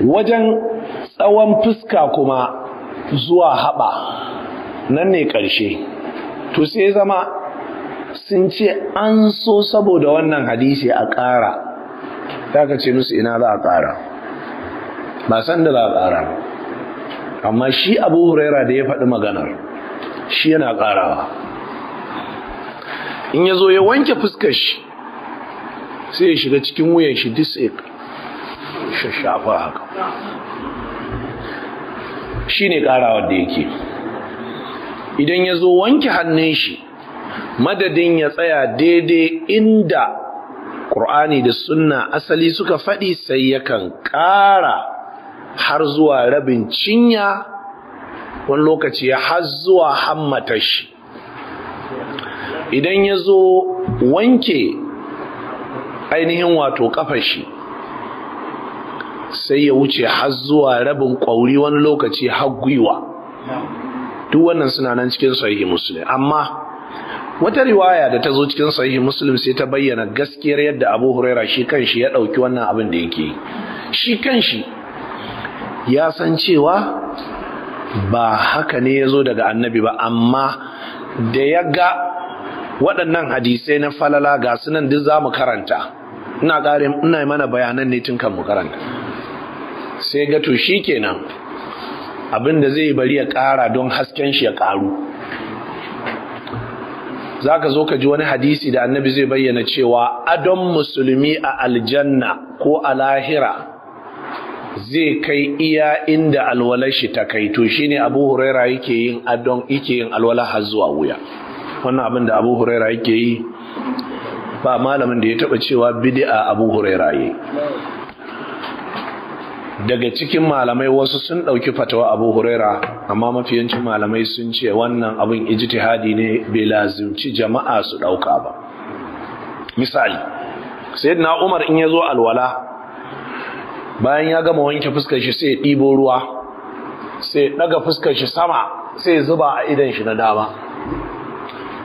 wajen tsawon fuska kuma zuwa haɓa nan ne ƙarshe to sai zama sun ce an so saboda wannan hadisi a ƙara ta ka ce musu ina za a ƙara ba san da za a ƙara amma shi abu huraira da ya faɗi maganar shi yana ƙarawa in ya zo ya wanke fuskar shi sai ya shiga cikin wuyan shi disik shashafa haka shi ne ƙarawar da yake idan ya zo wanke hannun shi madadin ya tsaya daidai inda ƙur'ani da sunna asali suka faɗi sai yakan ƙara har zuwa rabin cinya wani lokaci har zuwa hammata shi idan ya zo wanke ainihin wato ƙafashi shi sai ya wuce har zuwa rabin ƙwauri wani lokaci har gwiwa duk wannan suna nan cikin sahihi muslim amma wata riwaya da ta zo cikin sahihi muslim sai ta bayyana gaskiyar yadda abu huraira shi kanshi ya ɗauki wannan abin da yake shi kanshi ya san cewa ba haka ne ya zo daga annabi ba amma da ya ga waɗannan hadisai na falala ga sunan duk za mu karanta ina ina mana bayanan ne tun kan mu karanta sai ga to kenan abin da zai bari ya ƙara don hasken shi ya ƙaru za ka zo ka ji wani hadisi da annabi zai bayyana cewa adon musulmi a aljanna ko a lahira zai kai iya inda alwalar shi ta kai to ne abu huraira yake yin adon yake yin alwala har zuwa wuya wannan abin da abu huraira yake yi ba malamin da ya taɓa cewa bid'a abu huraira yi daga cikin malamai wasu sun ɗauki fatawa abu huraira amma mafiyancin malamai sun ce wannan abin ijtihadi ne bai lazimci jama'a su ɗauka ba misali na umar in ya zo alwala bayan ya gama wanke fuskar shi sai ɗibo ruwa sai ɗaga fuskar shi sama sai zuba a idan shi na dama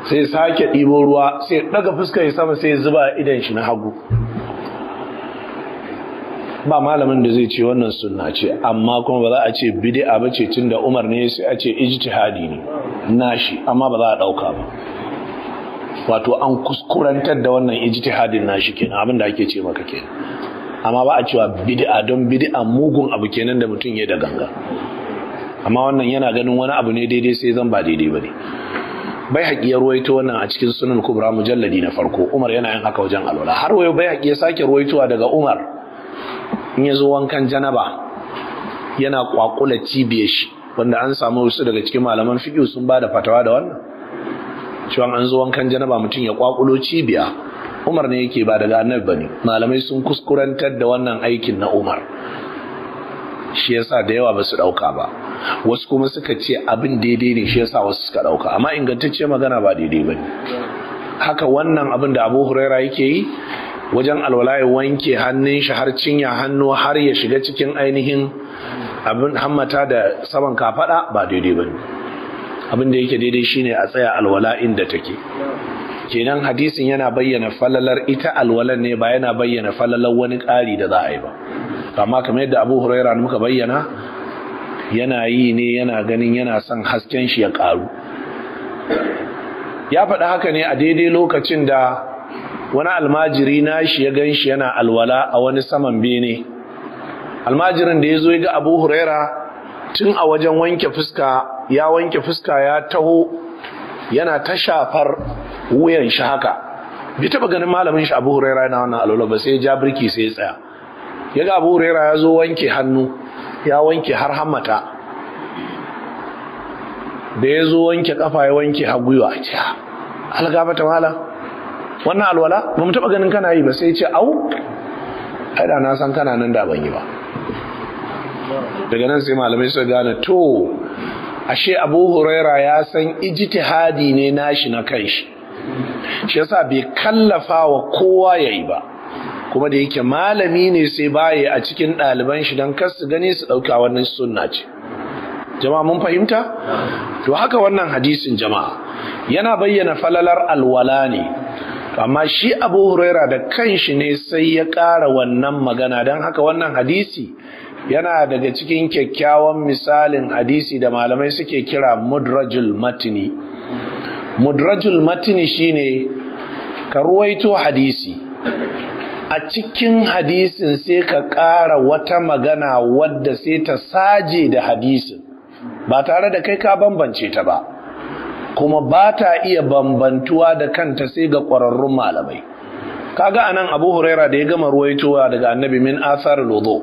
sai sake ɗibo ruwa sai ɗaga fuskar shi sama sai zuba a idan shi na hagu ba malamin da zai ce wannan sunna ce amma kuma ba za a ce bid'a ba ce tunda Umar ne sai a ce ijtihadi ne nashi amma ba za a dauka ba wato an kuskurantar da wannan ijtihadin nashi kenan abin da ake ce maka kenan amma ba a cewa bid'a don bid'a mugun abu kenan da mutum ya da ganga amma wannan yana ganin wani abu ne daidai sai zan ba daidai bane bai haƙi ya ruwaito wannan a cikin sunan kubra mujalladi na farko umar yana yin haka wajen alwala har wayo bai haƙi ya sake ruwaitowa daga umar in ya wankan janaba yana kwakula cibiyar shi wanda an samu wasu daga cikin malaman fiƙi sun ba da fatawa da wannan cewa an zo wankan janaba mutum ya kwakulo cibiya umar ne yake ba daga annabi bane malamai sun kuskurantar da wannan aikin na umar shi yasa da yawa ba su ɗauka ba wasu kuma suka ce abin daidai ne shi yasa wasu suka ɗauka amma ingantacce magana ba daidai ba ne haka wannan abin da abu Hurera yake yi wajen alwala ya wanke hannun shi har cinya hannu har ya shiga cikin ainihin abin hammata da saman kafada ba daidai ba abin da yake daidai shine a tsaya alwala inda take kenan hadisin yana bayyana falalar ita alwalan ne ba yana bayyana falalar wani ƙari da za a yi ba amma kamar yadda abu huraira muka bayyana yana yi ne yana ganin yana son hasken shi ya ƙaru ya faɗi haka ne a daidai lokacin da wani almajiri na shi ya gan shi yana alwala a wani saman bene almajirin da ya zo ga abu huraira tun a wajen wanke fuska ya wanke fuska ya taho yana ta shafar wuyan shi haka bai taba ganin malamin shi abu huraira yana wannan alwala ba sai ja birki sai ya tsaya ya ga abu huraira ya zo wanke hannu ya wanke har hammata da ya zo wanke kafa ya wanke har gwiwa ah, algaba ta malam wannan alwala ba mu taɓa ganin kana yi ba sai ce au ai na san kana nan da ban yi ba daga nan sai malamai su gane to ashe abu huraira ya san ijtihadi ne nashi na kanshi shi yasa bai kallafa wa kowa ya yi ba kuma da yake malami ne sai baye a cikin ɗaliban shi don kar su gani su ɗauka wannan sunna ce jama'a mun fahimta to haka wannan hadisin jama'a yana bayyana falalar alwala ne amma shi abu huraira da kanshi ne sai ya ƙara wannan magana don haka wannan hadisi yana daga cikin kyakkyawan misalin hadisi da malamai suke kira mudrajul matini mudrajul matini shine ka ruwaito hadisi a cikin hadisin sai ka ƙara wata magana wadda sai ta saje da hadisin ba tare da kai ka bambance ta ba kuma ba ta iya bambantuwa da kanta sai ga ƙwararrun malamai kaga anan abu huraira da ya gama ruwaitowa daga annabi min asar lodo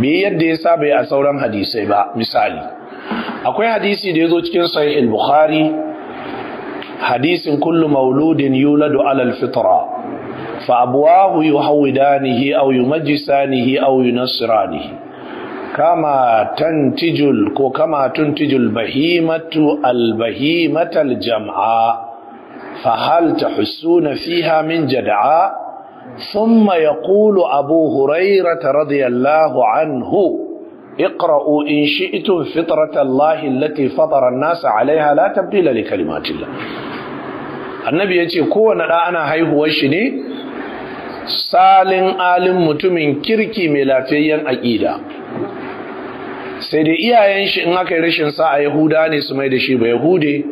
bi yadda ya saba a sauran hadisai ba misali akwai hadisi da ya zo cikin sahih bukhari hadisin kullu mauludin yuladu alal fitra fa abuwahu yuhawidanihi aw yumajjisanihi aw Nasirani. kama tijul ko kama tuntijul bahimatu albahimatal jam'a fahal tahsuna fiha min jad'a thumma yaqulu abu hurairah radiyallahu anhu اقرأوا إن شئتم فطرة الله nasa فطر الناس عليها لا تبديل لكلمات الله النبي يقول كون أنا هاي هو شني salin alin mutumin kirki mai lafiyayyen aƙida sai dai iyayen shi in aka yi rashin sa'a yahuda ne su mai da shi ba yahude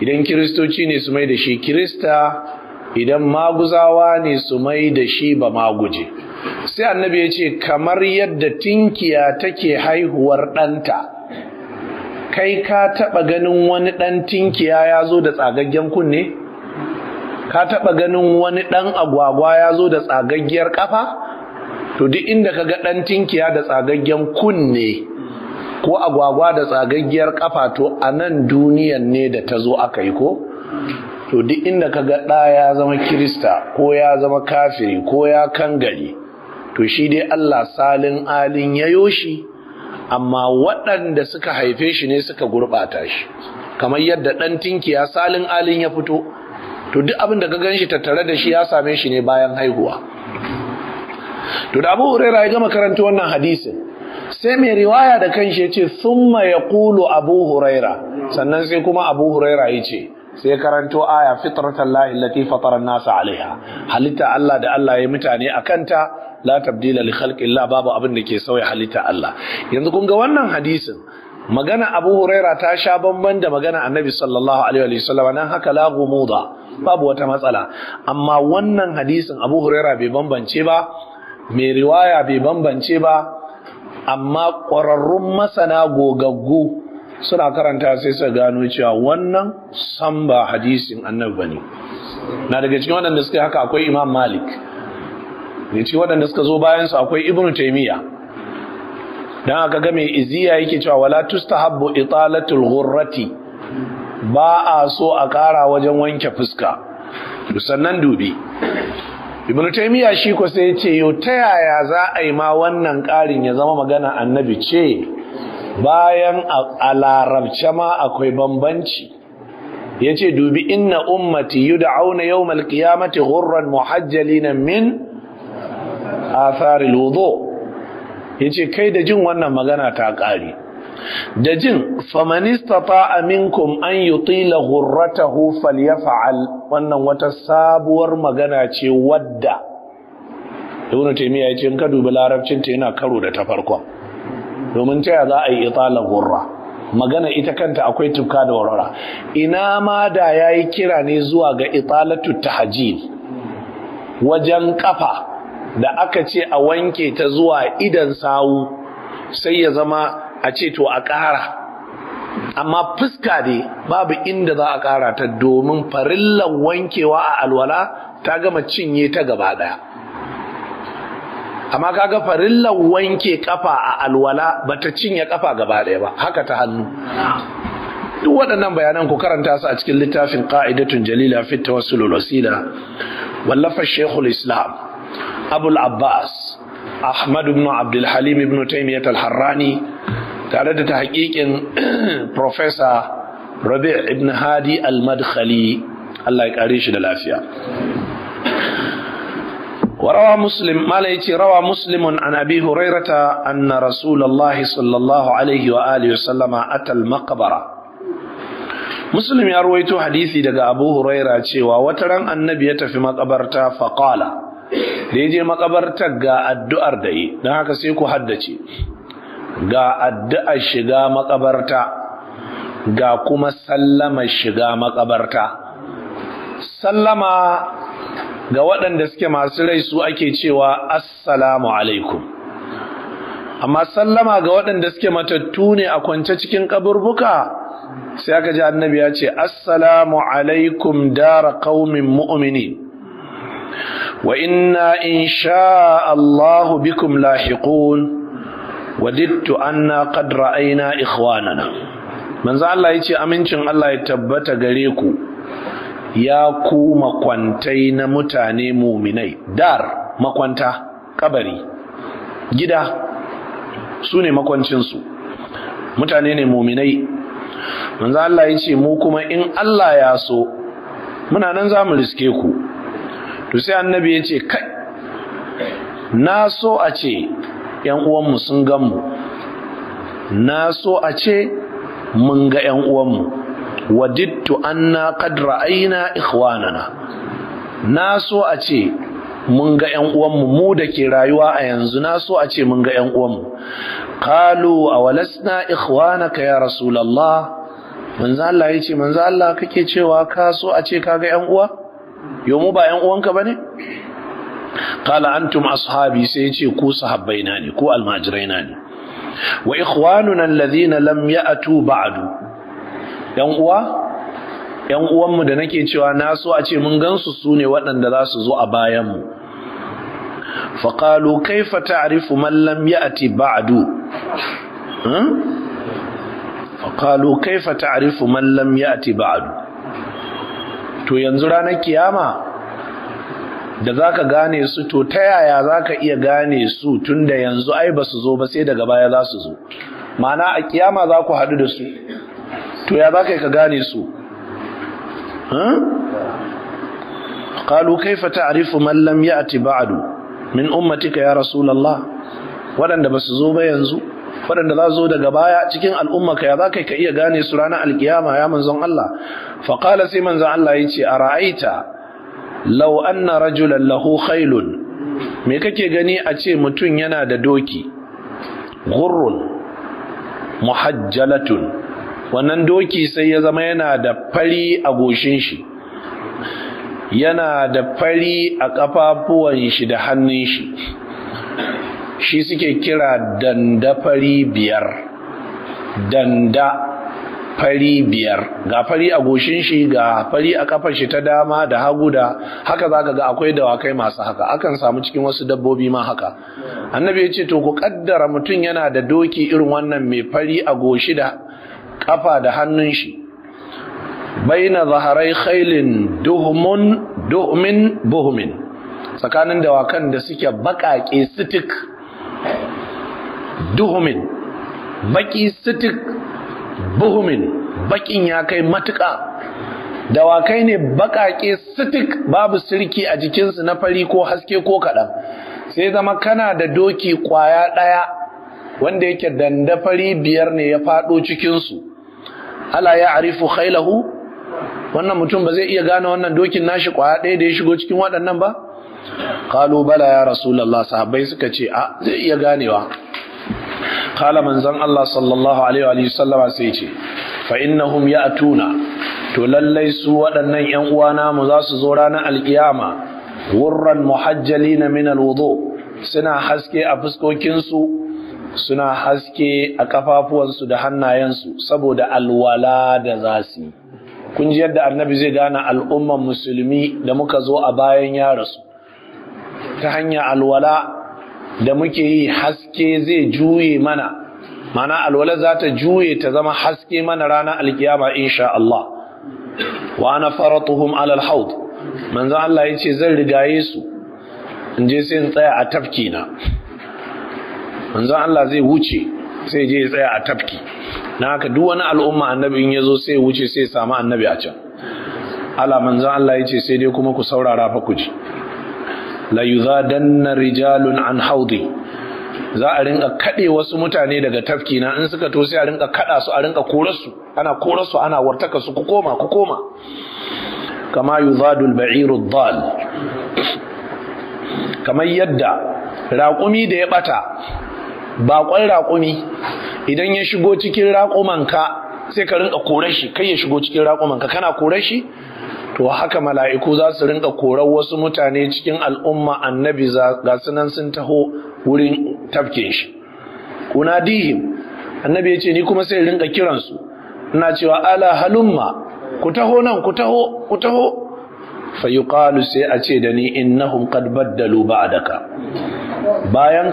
idan kiristoci ne su mai da shi kirista idan maguzawa ne su mai da shi ba maguje sai annabi ya ce kamar yadda tinkiya take haihuwar ɗanta kai ka taɓa ganin wani ɗan tinkiya ya zo da tsagaggen kunne ka taɓa ganin wani ɗan agwagwa ya zo da tsagaggiyar ƙafa to duk inda ka ga ɗan tinkiya da tsagaggen kunne ko agwagwa da tsagaggiyar ƙafa to a nan duniyan ne da ta zo aka yi ko to duk inda ka ga ɗa ya zama kirista ko ya zama kafiri ko ya gari, to shi dai Allah salin alin ya yoshi amma waɗanda suka haife shi ne suka gurɓata shi kamar yadda ɗan tinkiya salin alin ya fito to duk abin da ka gan shi tattare da shi ya same shi ne bayan haihuwa to da abu huraira ya gama karanta wannan hadisin sai mai riwaya da kan shi ya ce summa ya kulu abu huraira sannan sai kuma abu huraira ya ce sai karanto aya fitratan lahi lati fataran nasa alaiha halitta Allah da Allah ya mutane a kanta la tabdila li khalqi babu abin da ke sauya halitta Allah yanzu kun ga wannan hadisin magana abu huraira ta sha bamban da magana annabi sallallahu alaihi wa sallam nan haka la gumuda babu wata matsala amma wannan hadisin abu huraira bai bambance ba mai riwaya bai bambance ba amma ƙwararrun masana gogaggu suna karanta sai su gano cewa wannan san ba hadisin annabi bane na daga cikin waɗanda suka haka akwai imam malik ne ci waɗanda suka zo bayansu akwai ibnu taimiyya dan aka ga mai iziya yake cewa wala tustahabbu italatul ghurrati ba a so a ƙara wajen wanke fuska sannan dubi ibnu taymiya shi ko sai ya yo ta yaya za a yi ma wannan ƙarin ya zama magana annabi ce bayan a larabce ma akwai bambanci yace dubi inna ummati yud'auna yawmal qiyamati ghurran muhajjalina min atharil wudu' yace kai da jin wannan magana ta ƙare da jin famanistata aminkum an hufal ya fa’al wannan wata sabuwar magana ce wadda Ibn ya yace in ka dubi larabcin ta yana karo da ta farkon domin ta za a yi itala hurra, magana ita kanta akwai tuka da warwara ina ma da yayi kira ne zuwa ga italatu tahjil wajen kafa da aka ce a wanke ta zuwa idan sawu sai ya zama a ce to a ƙara amma fuska ne babu inda za a ƙara ta domin farillan wankewa a alwala ta gama cinye ta gaba ɗaya amma kaga farillan wanke kafa a alwala ba ta cinye kafa gaba ɗaya ba haka ta hannu duk waɗannan bayanan ku karanta su a cikin littafin ƙa'idatun jalila fit wasu wasila wallafa shekul islam abul abbas ahmad ibn abdulhalim ibn taymiyyat al-harrani tare da tahqiqin professor rabi' ibn hadi al-madkhali allah ya kare shi da lafiya وروى مسلم ما روى مسلم عن ابي هريره ان رسول الله صلى الله عليه واله وسلم اتى المقبره مسلم يرويته حديثي دغ ابو هريره cewa wataran annabi ya tafi maqabarta faqala da ya je makabartar ga addu'ar da yi don haka sai ku haddace ga addu'ar shiga makabarta ga kuma sallama shiga makabarta sallama ga waɗanda suke masu rai su ake cewa assalamu alaikum amma sallama ga waɗanda suke matattu ne a kwance cikin kaburbuka sai aka ji annabi ya ce assalamu alaikum dara qaumin mu'minin وإنا إن شاء الله بكم لاحقون وددت أنا قد رأينا إخواننا من ذا الله يتي أمنشن الله يتبت غريكو يا كو مقوانتين متاني مؤمني دار مقوانتا قبري جدا سوني سو متاني مؤمني من ذا الله يتي موكما إن الله ياسو muna nan za mu riske ku to sai annabi ya ce kai na so a ce ‘yan uwanmu sun gan mu na so a ce mun ga ‘yan uwanmu wadittu anna qad ra'ayna ikhwanana na so a ce mun ga ‘yan uwanmu mu da ke rayuwa a yanzu na so a ce mun ga ‘yan uwanmu kalu a walasna ikhwanaka ya rasulallah manzo Allah ya manzo Allah kake cewa ka so a ce ka ga ‘yan uwa Yau mu ba yan uwanka ne? qala antum ashabi sai yace ku sahabbaina ne ku almajiraina ne wa ikhwanuna alladhina lam ya'tu ba'du yan uwa yan uwanmu da nake cewa na so a ce mun gansu su ne waɗanda za su zo a bayan mu. kaifa ta'rifu man lam ya'ti ba'du hmm? kaifa ta'rifu man lam ya'ti ba'du to yanzu ranar kiyama da za ka gane su to ta yaya za ka iya gane su tunda yanzu ai ba su zo ba sai daga baya za su zo mana a kiyama za ku haɗu da su to ya za ka yi ka gane su قالوا hmm? كيف ya من لم يأتي بعد ya rasu lalla, waɗanda ba su zo ba yanzu? waɗanda za zo daga baya cikin al'umma ka ya za ka iya gane su ranar alkiyama ya manzon Allah faƙala sai manzon Allah ya ce a ra'aita lau na rajulan lahu khailun me kake gani a ce mutum yana da doki gurrun muhajjalatun wannan doki sai ya zama yana da fari a goshin shi yana da fari a ƙafafuwan shi da hannun shi shi suke kira danda fari biyar danda fari biyar ga fari a goshin shi ga fari a kafar shi ta dama da hagu da haka zaka ga akwai dawakai masu haka akan samu cikin wasu dabbobi ma haka annabi ya ce to ku kaddara mutum yana da doki irin wannan mai fari a goshi da kafa da hannun shi baina zaharai khailin duhmun buhumin, tsakanin dawakan da suke bakake sitik duhumin baki sitik buhumin bakin ya kai matuƙa dawakai ne baƙaƙe sitik babu sirki a jikinsu na fari ko haske ko kaɗan sai zama kana da doki ƙwaya ɗaya wanda yake fari biyar ne ya faɗo cikinsu ala ya arifu khailahu wannan mutum ba zai iya gane wannan dokin nashi kwaya ɗaya da ya shigo cikin waɗannan ba kalu bala ya rasulallah sahabbai suka ce a zai iya ganewa kala manzon Allah sallallahu alaihi wa sallama sai ce fa innahum tuna, to lallai su waɗannan ƴan uwana mu za su zo ranar alkiyama wurran na minal alwudu suna haske a fuskokinsu suna haske a kafafuwansu da hannayensu saboda alwala da za su yi kun ji yadda annabi zai gane al'umman musulmi da muka zo a bayan ya rasu ta hanya alwala da muke yi haske zai juye mana mana alwala za ta juye ta zama haske mana ranar alkiyama insha Allah wa ana faratuhum alal haud manzo Allah yace zan rigaye su in je sai in tsaya a tafki na manzo Allah zai wuce sai je ya tsaya a tafki na haka duk wani al'umma annabi in yazo sai wuce sai samu annabi a can ala manzo Allah yace sai dai kuma ku saurara fa ku ji la yuzadanna rijalun an haudi za a rinka kaɗe wasu mutane daga tafki na in suka to sai a rinka kaɗa su a rinka su ana su ana wartaka su ku koma ku koma kama yuzadul bairu dhal kamar yadda raƙumi da ya bata baƙon raƙumi idan ya shigo cikin raƙumanka sai ka rinka korar shi kai ya shigo cikin raƙumanka kana korar shi to haka mala'iku za su rinka korar wasu mutane cikin al'umma annabi ga sunan sun taho wurin tafkin shi kuna dihim annabi ya ce ni kuma sai rinka kiransu ina cewa ala halumma ku taho nan ku taho ku taho fa yuqalu sai a ce da ni innahum qad baddalu ba'daka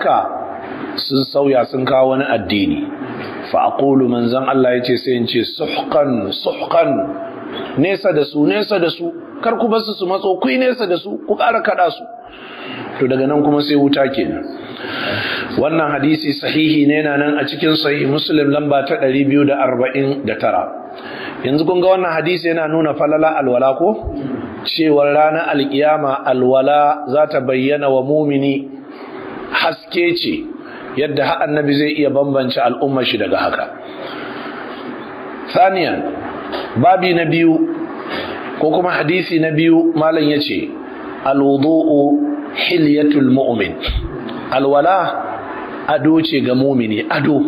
ka sun sauya sun kawo wani addini fa aqulu manzon Allah yace sai in ce suhqan suhqan nesa da su nesa da su kar ku basu su matso ku nesa da su ku ƙara kaɗa su to daga nan kuma sai wuta kenan wannan hadisi sahihi ne na nan a cikin sahih muslim lamba ta 249 yanzu kun ga wannan hadisi yana nuna falala alwala ko cewa ranar alkiyama alwala za ta bayyana wa mumini haske ce yadda annabi zai iya bambance al'umma shi daga haka saniyan babi na biyu ko kuma hadisi na biyu malam ya ce alwudu'u hilyatul mu'min alwala ado ce ga mumini ado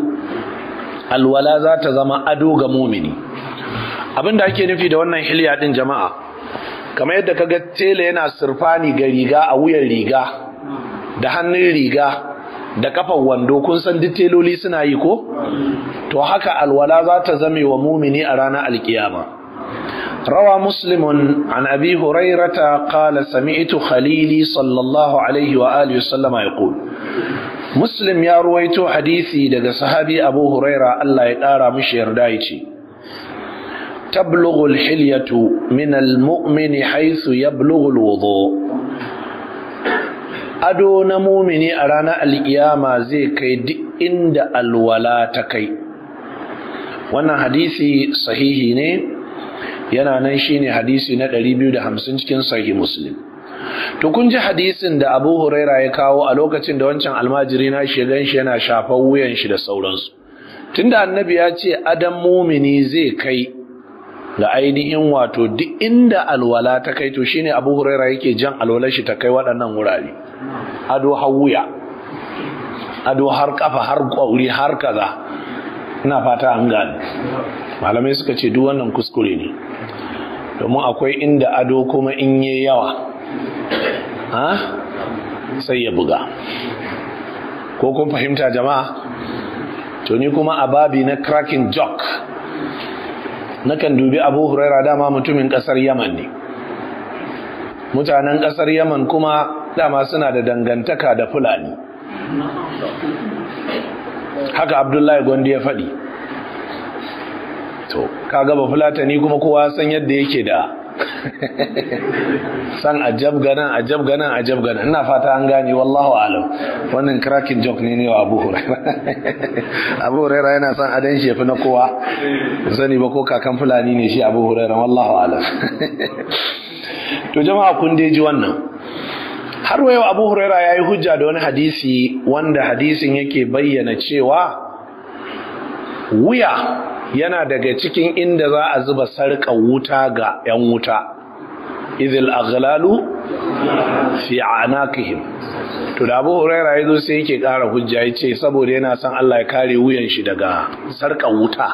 alwala za ta zama ado ga mumini da ake nufi da wannan hilya din jama'a kamar yadda kaga tela yana surfani ga riga a wuyan riga da hannun riga da kafar wando kun san diteloli suna yi ko to haka alwala za ta zame wa mumini a ranar alkiyama rawa muslimun an abi hurairata qala sami'tu khalili sallallahu alaihi wa alihi wasallama muslim ya ruwaito hadisi daga sahabi abu huraira Allah ya ƙara mishi yarda yace tablughu alhilyatu min almu'mini haythu yablughu wudu. ado na mumini a ranar al'iyama zai kai duk inda alwala ta kai wannan hadisi sahihi ne yana nan shine hadisi na 250 cikin sahih muslim to kun ji hadisin da abu huraira ya kawo a lokacin da wancan almajiri na shi yana shafan wuyan shi da sauransu tunda annabi ya ce adam mumini zai kai ga ainihin wato duk inda alwala ta kai to shine Abu Huraira yake jan alwalar shi ta kai waɗannan wurare ado har wuya ado har kafa har kwauri har kaza ina fata an gane malamai suka ce duk wannan kuskure ne domin akwai inda ado kuma in yi yawa ha sai ya buga ko kun fahimta jama'a to ni kuma a babi na cracking joke kan dubi abu huraira dama mutumin kasar yaman ne mutanen kasar yaman kuma dama suna da dangantaka da fulani haka abdullahi gondi ya faɗi to kaga ba fulatani kuma kowa san yadda yake da san ajab ganan ajab ganan ajab ganan ina fata an gane wallahu alam wannan cracking joke ne ne wa Abu Huraira Abu Huraira yana san adan shi yafi na kowa zani ba ko kakan fulani ne shi Abu Huraira wallahu alam to jama'a kun dai ji wannan har wayo abu huraira ya yi hujja da wani hadisi wanda hadisin yake bayyana cewa wuya yana daga cikin inda za a zuba sarƙa wuta ga 'yan wuta izil aghlalu fi anakihim to da abu huraira ya zo sai yake ƙara hujja ya saboda yana son allah ya kare wuyan shi daga sarƙa wuta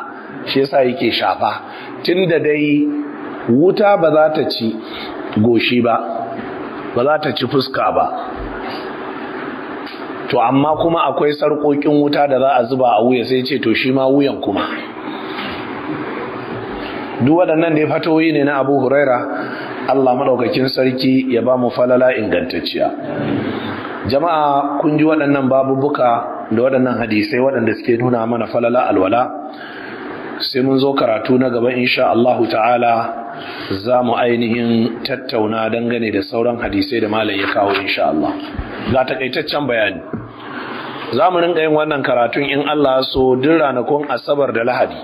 shi yasa yake shafa tunda dai wuta ba za ta ci goshi ba ba za ta ci fuska ba to amma kuma akwai sarƙoƙin wuta da za a zuba a wuya sai ce to shi ma wuyan kuma duk waɗannan da ya fatoyi ne na abu huraira allah maɗaukakin sarki ya ba mu falala ingantacciya jama'a kun ji waɗannan babubuka da waɗannan hadisai waɗanda suke nuna mana falala alwala sai mun zo karatu na gaba insha Allahu ta'ala za mu ainihin tattauna dangane da sauran hadisai da malam ya kawo insha Allah ga takaitaccen bayani za mu rinka yin wannan karatun in Allah so duk ranakun asabar da lahadi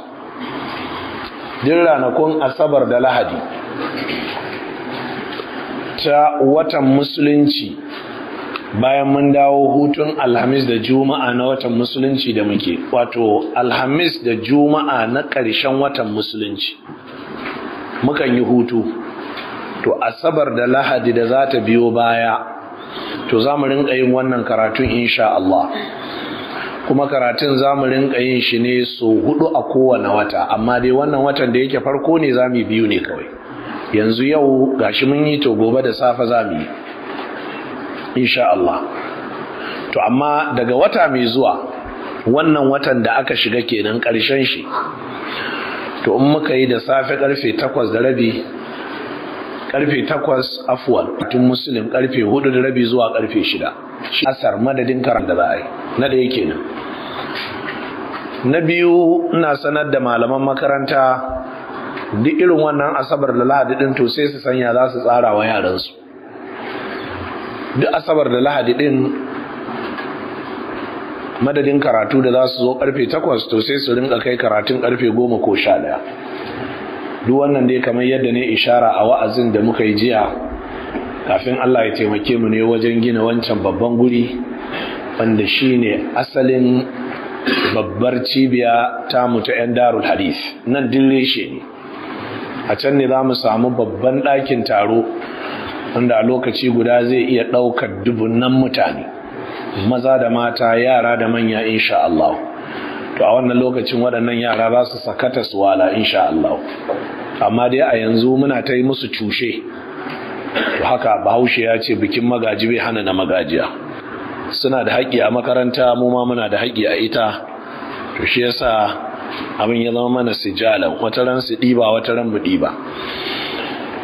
duk ranakun asabar da lahadi ta watan musulunci bayan mun dawo hutun alhamis da juma'a na watan musulunci da muke wato alhamis da juma'a na ƙarshen watan musulunci mukan yi hutu to asabar da lahadi da za ta biyo baya to za mu rinka yin wannan karatun insha Allah kuma karatun za mu rinka yin shi ne so hudu a kowane wata amma dai wannan watan da yake farko ne za mu biyu ne kawai yanzu yau gashi mun yi to gobe da safe za mu yi insha Allah to amma daga wata mai zuwa wannan watan da aka shiga kenan ƙarshen shi to in muka yi da safe karfe takwas da rabi karfe takwas afuwal, tun musulun karfe hudu da rabi zuwa karfe shida shi asar madadin karan da za a yi na ɗaya kenan na biyu ina sanar da malaman makaranta duk irin wannan asabar da lahadi din to sai su sanya za su tsara wa yaransu duk asabar da lahadi din madadin karatu da za su zo karfe takwas to sai su rinka kai karatun karfe goma ko sha ɗaya duk wannan dai kamar yadda ne ishara a wa'azin da muka yi jiya kafin Allah ya taimake mu ne wajen gina wancan babban guri wanda shi ne asalin babbar cibiya ta mutu 'yan darul hadith nan dille shi ne a can ne za mu samu babban ɗakin taro wanda a lokaci guda zai iya ɗaukar nan mutane maza da mata yara da manya insha Allah to a wannan lokacin waɗannan yara za su sakata su wala insha Allah amma dai a yanzu muna ta yi musu cushe to haka bahaushe ya ce bikin magaji bai hana na magajiya suna da haƙƙi a makaranta mu ma muna da haƙƙi a ita to shi yasa abin ya zama mana sijalan wata ran su ɗiba wata ran mu ɗiba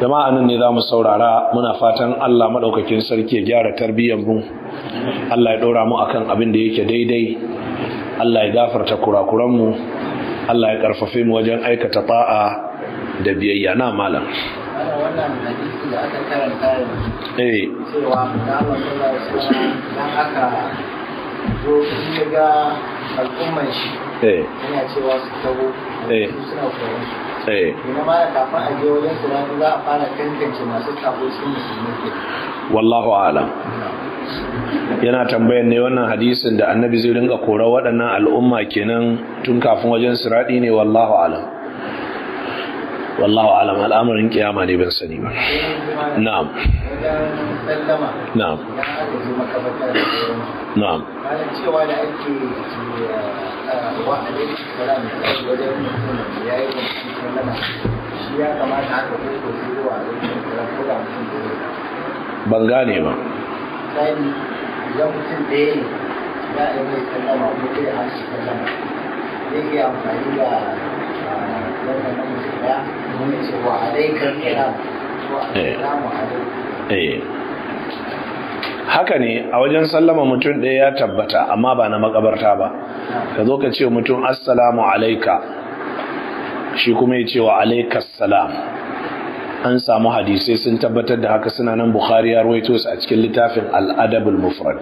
jama'a nan ne za mu saurara muna fatan Allah maɗaukakin sarki ya gyara tarbiyyar mu Allah ya ɗora mu akan abin da yake daidai Allah ya gafarta kurakuran mu Allah ya ƙarfafe mu wajen aikata ta'a da biyayya na malam wannan hadisi da aka karanta eh cewa dan aka zo ga al'umman shi yana cewa su tago suna koyon eh kafin a je wajen tunani za a fara tantance masu sabo cikin musulmi wallahu a'lam yana tambayan ne wannan hadisin da annabi zai dinga kora waɗannan al'umma kenan tun kafin wajen siradi ne wallahu a'lam والله اعلم الامر انك يا ماني بن سليم نعم نعم نعم بنغاني ما يوم Eh. Eh. haka ne a wajen sallama mutum ɗaya ya tabbata amma ba na makabarta ba ka zo ka ce mutum assalamu alaika shi kuma ya ce wa alaikas salam an samu hadisai sun tabbatar da haka suna nan bukhari ya ruwaito su a cikin littafin al'adabul mufrad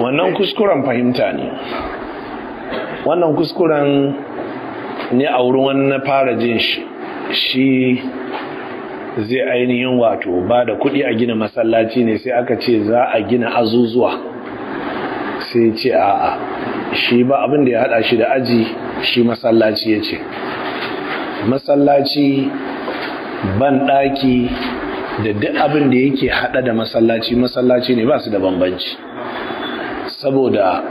wannan kuskuren fahimta ne wannan kuskuren ne a wurin wani na fara jin shi zai ainihin wato ba da kuɗi a gina masallaci ne sai aka ce za a gina azuzuwa sai ce a'a shi ba abin da ya haɗa shi da aji shi masallaci ya ce masallaci banɗaki da duk abin da yake haɗa da masallaci masallaci ne ba su da bambanci saboda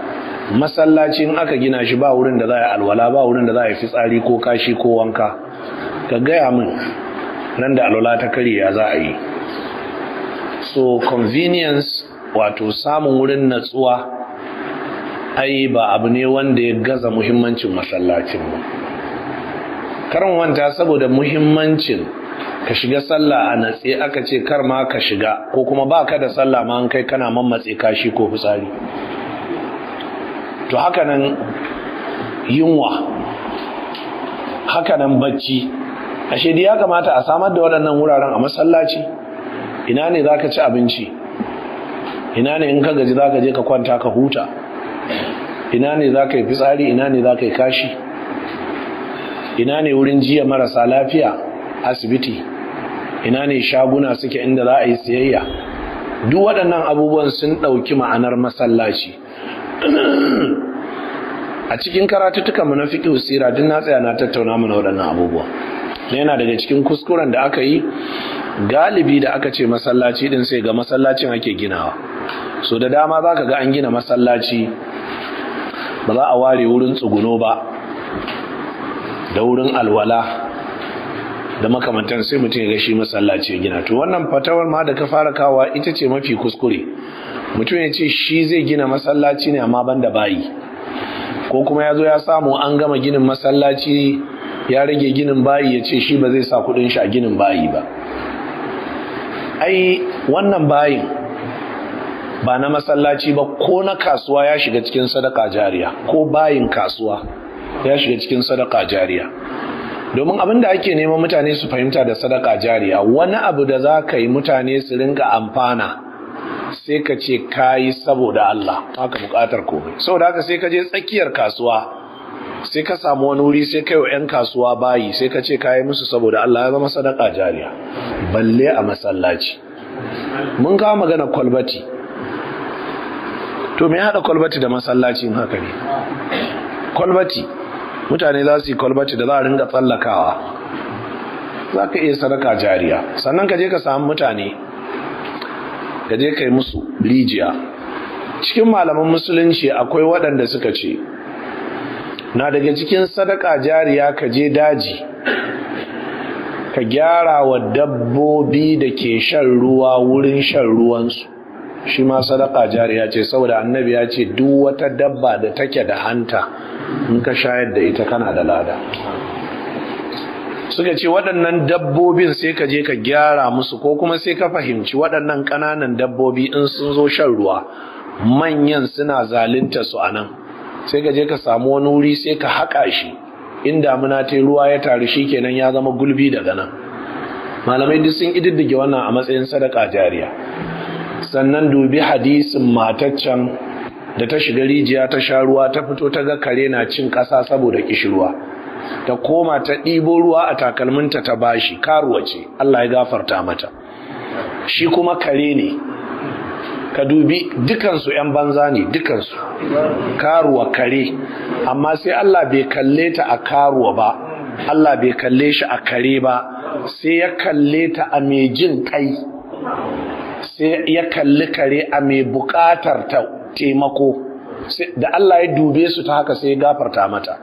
masallaci in aka gina shi ba wurin da za a alwala ba wurin da za a fitsari ko kashi ko wanka ka gaya min nan da alwala ta karya za a yi so convenience wato samun wurin natsuwa ai ba abu ne wanda ya gaza muhimmancin masallacin ba karan wanta saboda muhimmancin ka shiga sallah a natse aka ce kar ma ka shiga ko kuma ba ka da sallah ma an kai kana mammatse kashi ko fitsari to hakanan yunwa hakanan bacci ashe da ya kamata a samar da waɗannan wuraren a masallaci ina ne za ka ci abinci ina ne in ka gaji za ka je ka kwanta ka huta ina ne za ka yi fitsari ina ne za ka yi kashi ina ne wurin jiya marasa lafiya asibiti ina ne shaguna suke inda za a yi siyayya duk waɗannan abubuwan sun ɗauki ma'anar masallaci a cikin karatuttukanmu na fiƙi usira duk na tsaya na tattauna mana waɗannan abubuwa na yana daga cikin kuskuren da aka yi galibi da aka ce masallaci din sai ga masallacin ake ginawa so da dama za ka ga an gina masallaci ba za a ware wurin tsuguno ba da wurin alwala da makamantan sai mutum ya gashi masallaci ya gina to wannan fatawar ma da ka fara kawa ita ce mafi kuskure mutum ya ce shi zai gina masallaci ne amma banda bayi ko kuma ya zo ya samu an gama ginin masallaci ya rage ginin bayi ya ce shi ba zai sa kudin shi a ginin bayi ba ai wannan bayin ba na masallaci ba ko na kasuwa ya shiga cikin sadaka jariya ko bayin kasuwa ya shiga cikin sadaka jariya domin abin da ake neman mutane su fahimta da sadaka jariya wani abu da za ka yi mutane su ringa amfana sai ka ce ka yi saboda Allah haka bukatar komai saboda haka sai ka je tsakiyar kasuwa sai ka samu wani wuri sai kai wa 'yan kasuwa bayi sai ka ce ka yi musu saboda Allah ya zama sadaka jariya balle a masallaci mun kawo magana kwalbati to me haɗa kwalbati da masallaci haka ne kwalbati mutane za su yi kwalbati da za a ringa tsallakawa za ka iya sadaka jariya sannan ka je ka samu mutane ka je ka yi musu rijiya cikin malaman musulunci akwai waɗanda suka ce na daga cikin sadaka jariya ka je daji ka gyara wa dabbobi da ke shan ruwa wurin shan ruwansu shi ma sadaka jariya ce saboda annabi ya ce duk wata dabba da take da hanta in ka shayar da ita kana da lada suka ce waɗannan dabbobin sai ka je ka gyara musu ko kuma sai ka fahimci waɗannan ƙananan dabbobi in sun zo shan ruwa manyan suna zalunta su a nan sai ka je ka samu wani wuri sai ka haƙa shi in damuna ta ruwa ya taru shi kenan ya zama gulbi daga nan malamai duk sun ƙididdige wannan a matsayin sadaka jariya sannan dubi hadisin mataccen da ta shiga rijiya ta sha ruwa ta fito ta ga kare na cin ƙasa saboda kishirwa ta koma ta ɗibo ruwa a takalminta ta bashi karuwa ce Allah ya gafarta mata shi kuma kare ne ka dubi dukansu 'yan banza ne dukansu karuwa kare amma sai Allah bai kalle ta a karuwa ba Allah bai kalle shi a kare ba sai ya kalle ta a mai jin kai sai ya kalli kare a mai buƙatar ta taimako da Allah ya dube su ta haka sai ya gafarta mata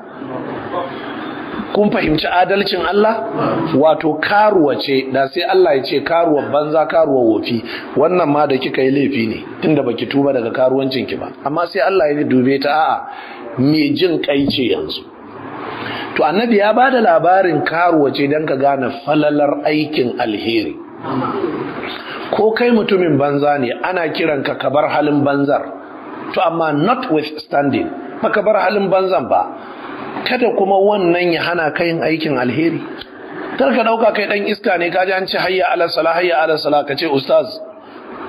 kun fahimci adalcin Allah wato karuwa ce da sai Allah ya ce karuwa banza karuwa wofi wannan ma da kika yi laifi ne tunda baki tuba daga karuwancin ki ba amma sai Allah ya dube ta a'a me jin kai ce yanzu to annabi ya bada labarin karuwa ce dan ka gane falalar aikin alheri ko kai mutumin banza ne ana kiranka ka bar halin banzar to amma not standing baka bar halin banzan ba kada kuma wannan ya hana ka yin aikin alheri kar ka dauka kai dan iska ne ji an ce hayya ala sala hayya ala sala ka ce ustaz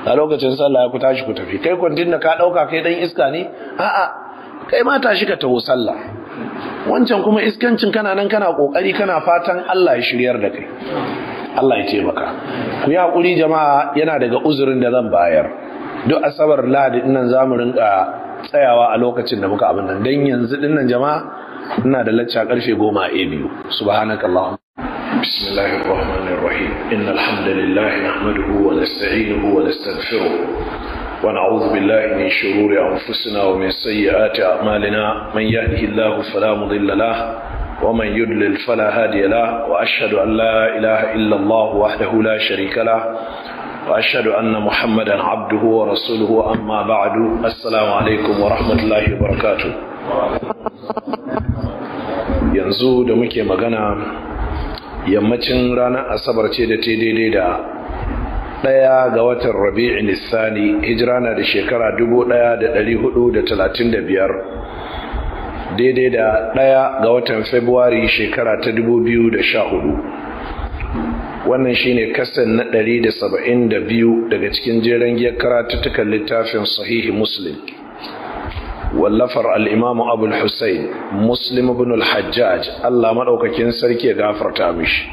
a lokacin sallah ku tashi ku tafi kai kun da ka dauka kai dan iska ne a'a kai ma tashi ka taho sallah wancan kuma iskancin kana nan kana kokari kana fatan Allah ya shiryar da kai Allah ya taimaka ku yi hakuri jama'a yana daga uzurin da zan bayar duk asabar lahadi nan za mu rinka tsayawa a lokacin da muka abin nan dan yanzu dinnan jama'a ina da lacca karfe goma a biyu subhanakallahumma بسم الله الرحمن الرحيم إن الحمد لله نحمده ونستعينه ونستغفره ونعوذ بالله من شرور أنفسنا ومن سيئات أعمالنا من يهده الله فلا مضل له ومن يدلل فلا هادي له وأشهد أن لا إله إلا الله وحده لا شريك له وأشهد أن محمدا عبده ورسوله أما بعد السلام عليكم ورحمة الله وبركاته yanzu da muke magana yammacin ranar asabar ce da ta daidai da ɗaya ga watan rabi'in lissani hijira na da shekara 1435 daidai da ɗaya ga watan Fabrairu shekara ta dubu biyu da sha hudu, wannan shi ne kasan na da da saba'in biyu daga cikin jeren giyar karatuttukan littafin sahihi muslim wallafar al'imamu abul hussein muslim ibn al allah maɗaukakin sarki ya gafarta mishi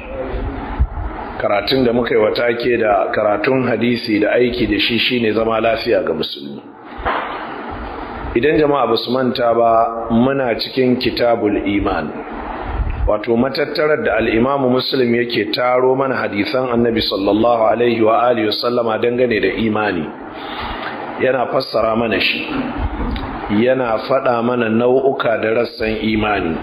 karatun da muka yi wata ke da karatun hadisi da aiki da shi shine zama lafiya ga musulmi idan jama'a ba su manta ba muna cikin kitabul iman wato matattarar da al'imamu muslim yake taro mana hadisan annabi sallallahu alaihi wa alihi sallama dangane da imani yana fassara mana shi yana faɗa mana nau'uka da rassan imani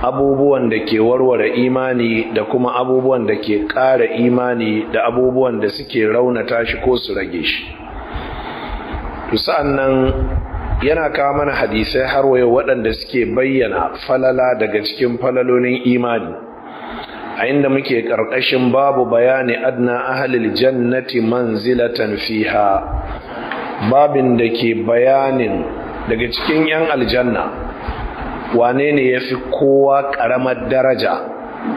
abubuwan da ke warware imani da kuma abubuwan da ke ƙara imani da abubuwan da suke raunata shi ko su rage shi sa'an nan yana kawo mana hadisai har waye waɗanda suke bayyana falala daga cikin falalonin imani a inda muke ƙarƙashin babu bayani adna ahalil jannati manzilatan fiha babin da ke bayanin daga cikin 'yan aljanna wane ne ya fi kowa ƙaramar daraja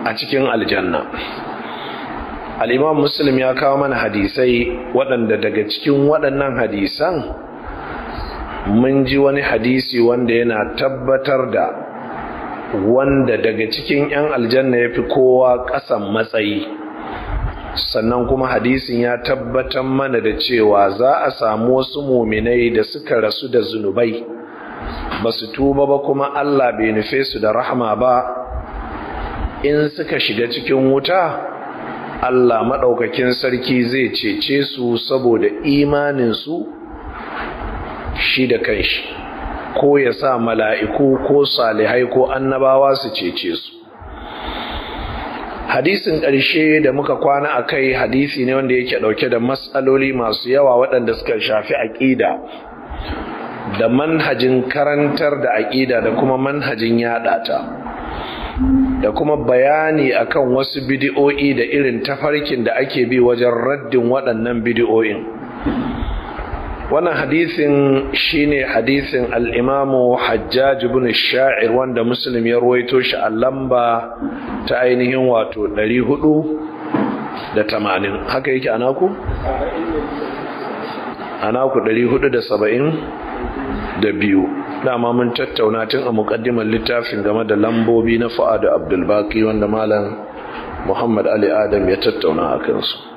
a cikin aljanna al'imam muslim ya kawo mana hadisai waɗanda daga cikin waɗannan hadisan mun ji wani hadisi wanda yana tabbatar da wanda daga cikin 'yan aljanna ya fi kowa ƙasan matsayi sannan kuma hadisin ya tabbatar mana da cewa za a samu wasu muminai da suka rasu da zunubai ba su tuba ba kuma Allah bai nufe su da rahama ba in suka shiga cikin wuta Allah maɗaukakin sarki zai cece su saboda imaninsu shi da kanshi ko ya sa mala'iku ko salihai ko annabawa su cece su hadisin ƙarshe da muka kwana a kai hadisi ne wanda yake ɗauke da matsaloli masu yawa waɗanda suka shafi aƙida da manhajin karantar da aƙida da kuma manhajin yaɗa ta da kuma bayani akan wasu bidi'o'i da irin tafarkin da ake bi wajen raddin waɗannan bidi'o'in wannan hadisin shine hadisin al'imamu hajjaj ibn sha'ir wanda muslim ya ruwaito shi a lamba ta ainihin wato 480 haka yake a naku? a naku 470 da biyu dama mun tattauna tun a muƙaddimar littafin game da lambobi na fa'adu abdulbaki wanda malam muhammad ali adam ya tattauna a kansu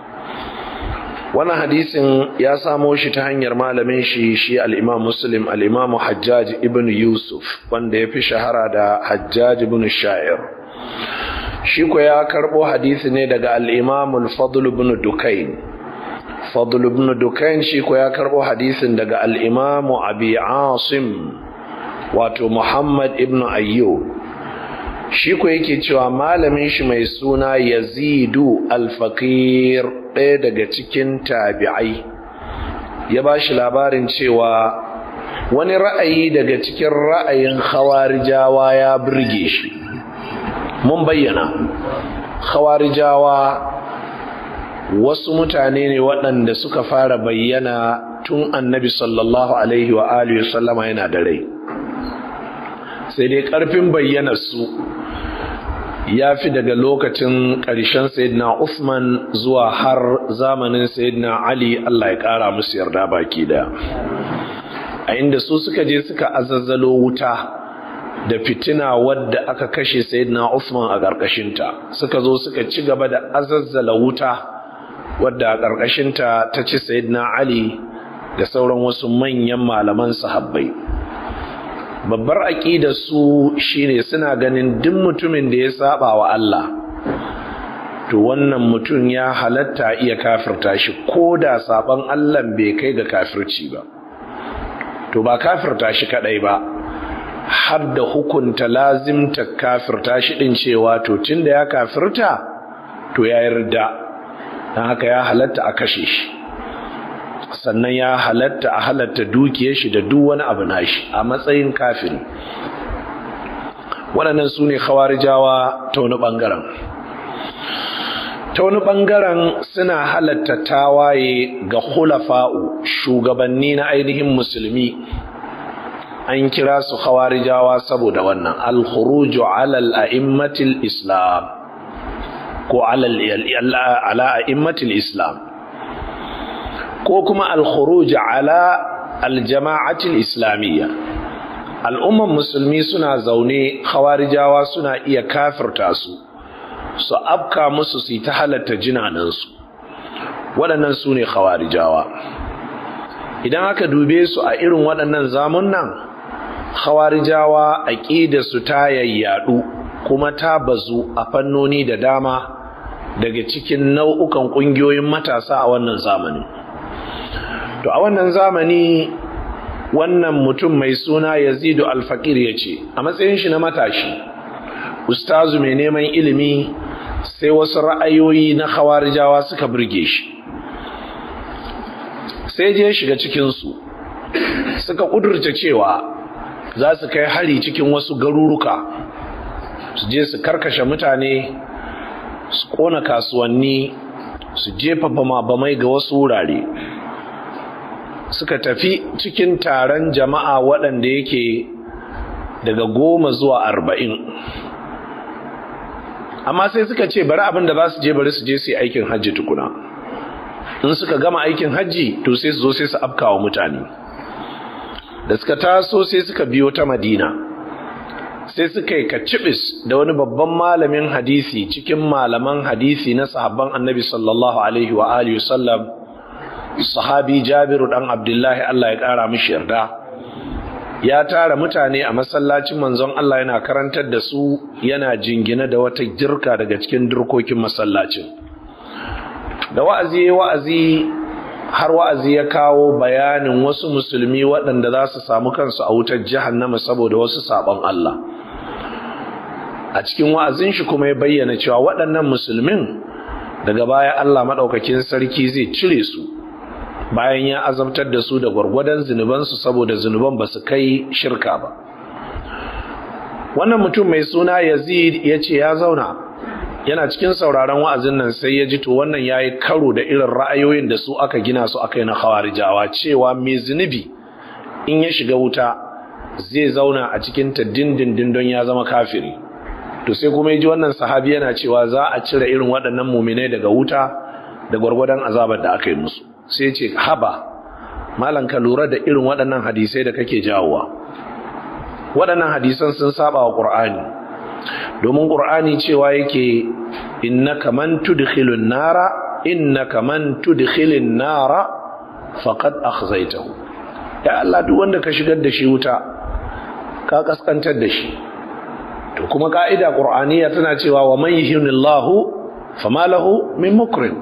wannan hadisin ya samo shi ta hanyar malamin shi shi al-Imam Muslim al-Imam Hajjaj ibn Yusuf wanda ya fi shahara da Hajjaj ibn Sha'ir shi ko ya karbo hadisi ne daga al-Imam al-Fadl ibn dukain Fadl shi ko ya karbo hadisin daga al-Imam Abi Asim wato Muhammad ibn Ayyub shi ko yake cewa malamin shi mai suna yazidu alfakir ɗaya daga cikin tabi'ai ya ba shi labarin cewa wani ra'ayi daga cikin ra'ayin khawarijawa ya birge shi mun bayyana khawarijawa wasu mutane ne waɗanda suka fara bayyana tun annabi sallallahu alaihi wa alihi sallama yana da rai sai dai karfin bayyanar su ya fi daga lokacin ƙarshen sayyidina Usman zuwa har zamanin sayyidina Ali Allah ya ƙara musu yarda baki da a inda su suka je suka azazzalo wuta da fitina wadda aka kashe sayyidina Usman a ƙarƙashinta suka zo suka ci gaba da azazzala wuta wadda a ƙarƙashinta ta ci sayyidina Ali da sauran wasu manyan malaman sahabbai babbar aƙidar su shine suna ganin duk mutumin da ya saba wa Allah to wannan mutum ya halatta iya kafirta shi ko da saban Allah bai kai ga kafirci ba to ba kafirta shi kadai ba har da hukunta lazimta kafirta shi din cewa to tunda ya kafirta to ya yarda don haka ya halatta a kashe shi sannan ya halatta a halatta dukiyar shi da duk wani abu nashi a matsayin kafiri waɗannan su ne khawarijawa ta wani ɓangaren ta wani ɓangaren suna halatta tawaye ga hulafa'u shugabanni na ainihin musulmi an kira su khawarijawa saboda wannan al-khuruju ala al-a'immatil islam ko ala al-a'immatil islam ko kuma al-khuruj ala al al islamiyya al'umman musulmi suna zaune khawarijawa suna iya kafirta su su afka musu su ta halatta jinanansu waɗannan su ne khawarijawa idan aka dube su a irin waɗannan zamun nan khawarijawa aƙida su ta yayyadu kuma ta bazu a fannoni da dama daga cikin nau'ukan ƙungiyoyin matasa a wannan zamanin to a wannan zamani wannan mutum mai suna yazidu alfakir ya ce a matsayin shi na matashi ustazu mai neman ilimi sai wasu ra'ayoyi na hawarijawa suka burge shi sai je shiga cikinsu suka kudurta cewa za su kai hari cikin wasu garuruka su je su karkashe mutane su kona kasuwanni su jefa bama-bamai ga wasu wurare suka tafi cikin taron jama'a waɗanda yake daga goma zuwa arba'in amma sai suka ce bari abinda da za su je bari su je su yi aikin hajji tukuna in suka gama aikin hajji to sai su zo sai su afkawa mutane da suka taso sai suka biyo ta madina sai suka yi kacibis da wani babban malamin hadisi cikin malaman hadisi na sahabban annabi sallallahu alaihi wa alihi sahabi jabiru dan abdullahi Allah ya kara mishi yarda ya tara mutane a masallacin manzon Allah yana karantar da su yana jingina da wata jirka daga cikin dirkokin masallacin da wa'azi wa'azi har wa'azi ya kawo bayanin wasu musulmi waɗanda za su samu kansu a wutar jahannama saboda wasu sabon Allah a cikin wa'azin shi kuma ya bayyana cewa waɗannan musulmin daga baya Allah maɗaukakin sarki zai cire su bayan ya azabtar da su da gwargwadon zunubansu saboda zunuban ba su kai shirka ba wannan mutum mai suna yazid ya ce ya zauna yana cikin sauraron wa'azin nan sai ya ji to wannan ya yi karo da irin ra'ayoyin da su aka gina su aka yi na khawarijawa cewa mai zunubi in ya shiga wuta zai zauna a cikin ta dindindin don ya zama kafiri to sai kuma ya ji wannan sahabi yana cewa za a cire irin waɗannan muminai daga wuta da gwargwadon azabar da aka yi musu sai ce haba malam ka lura da irin waɗannan hadisai da kake jawowa waɗannan hadisan sun saba wa ƙur'ani domin ƙur'ani cewa yake innaka man tudkhilun nara innaka man tudkhilin nara faqad akhzaytahu ya Allah duk wanda ka shigar da shi wuta ka kaskantar da shi to kuma ka'ida qur'aniya tana cewa wa man yuhinillahu fama lahu min mukrim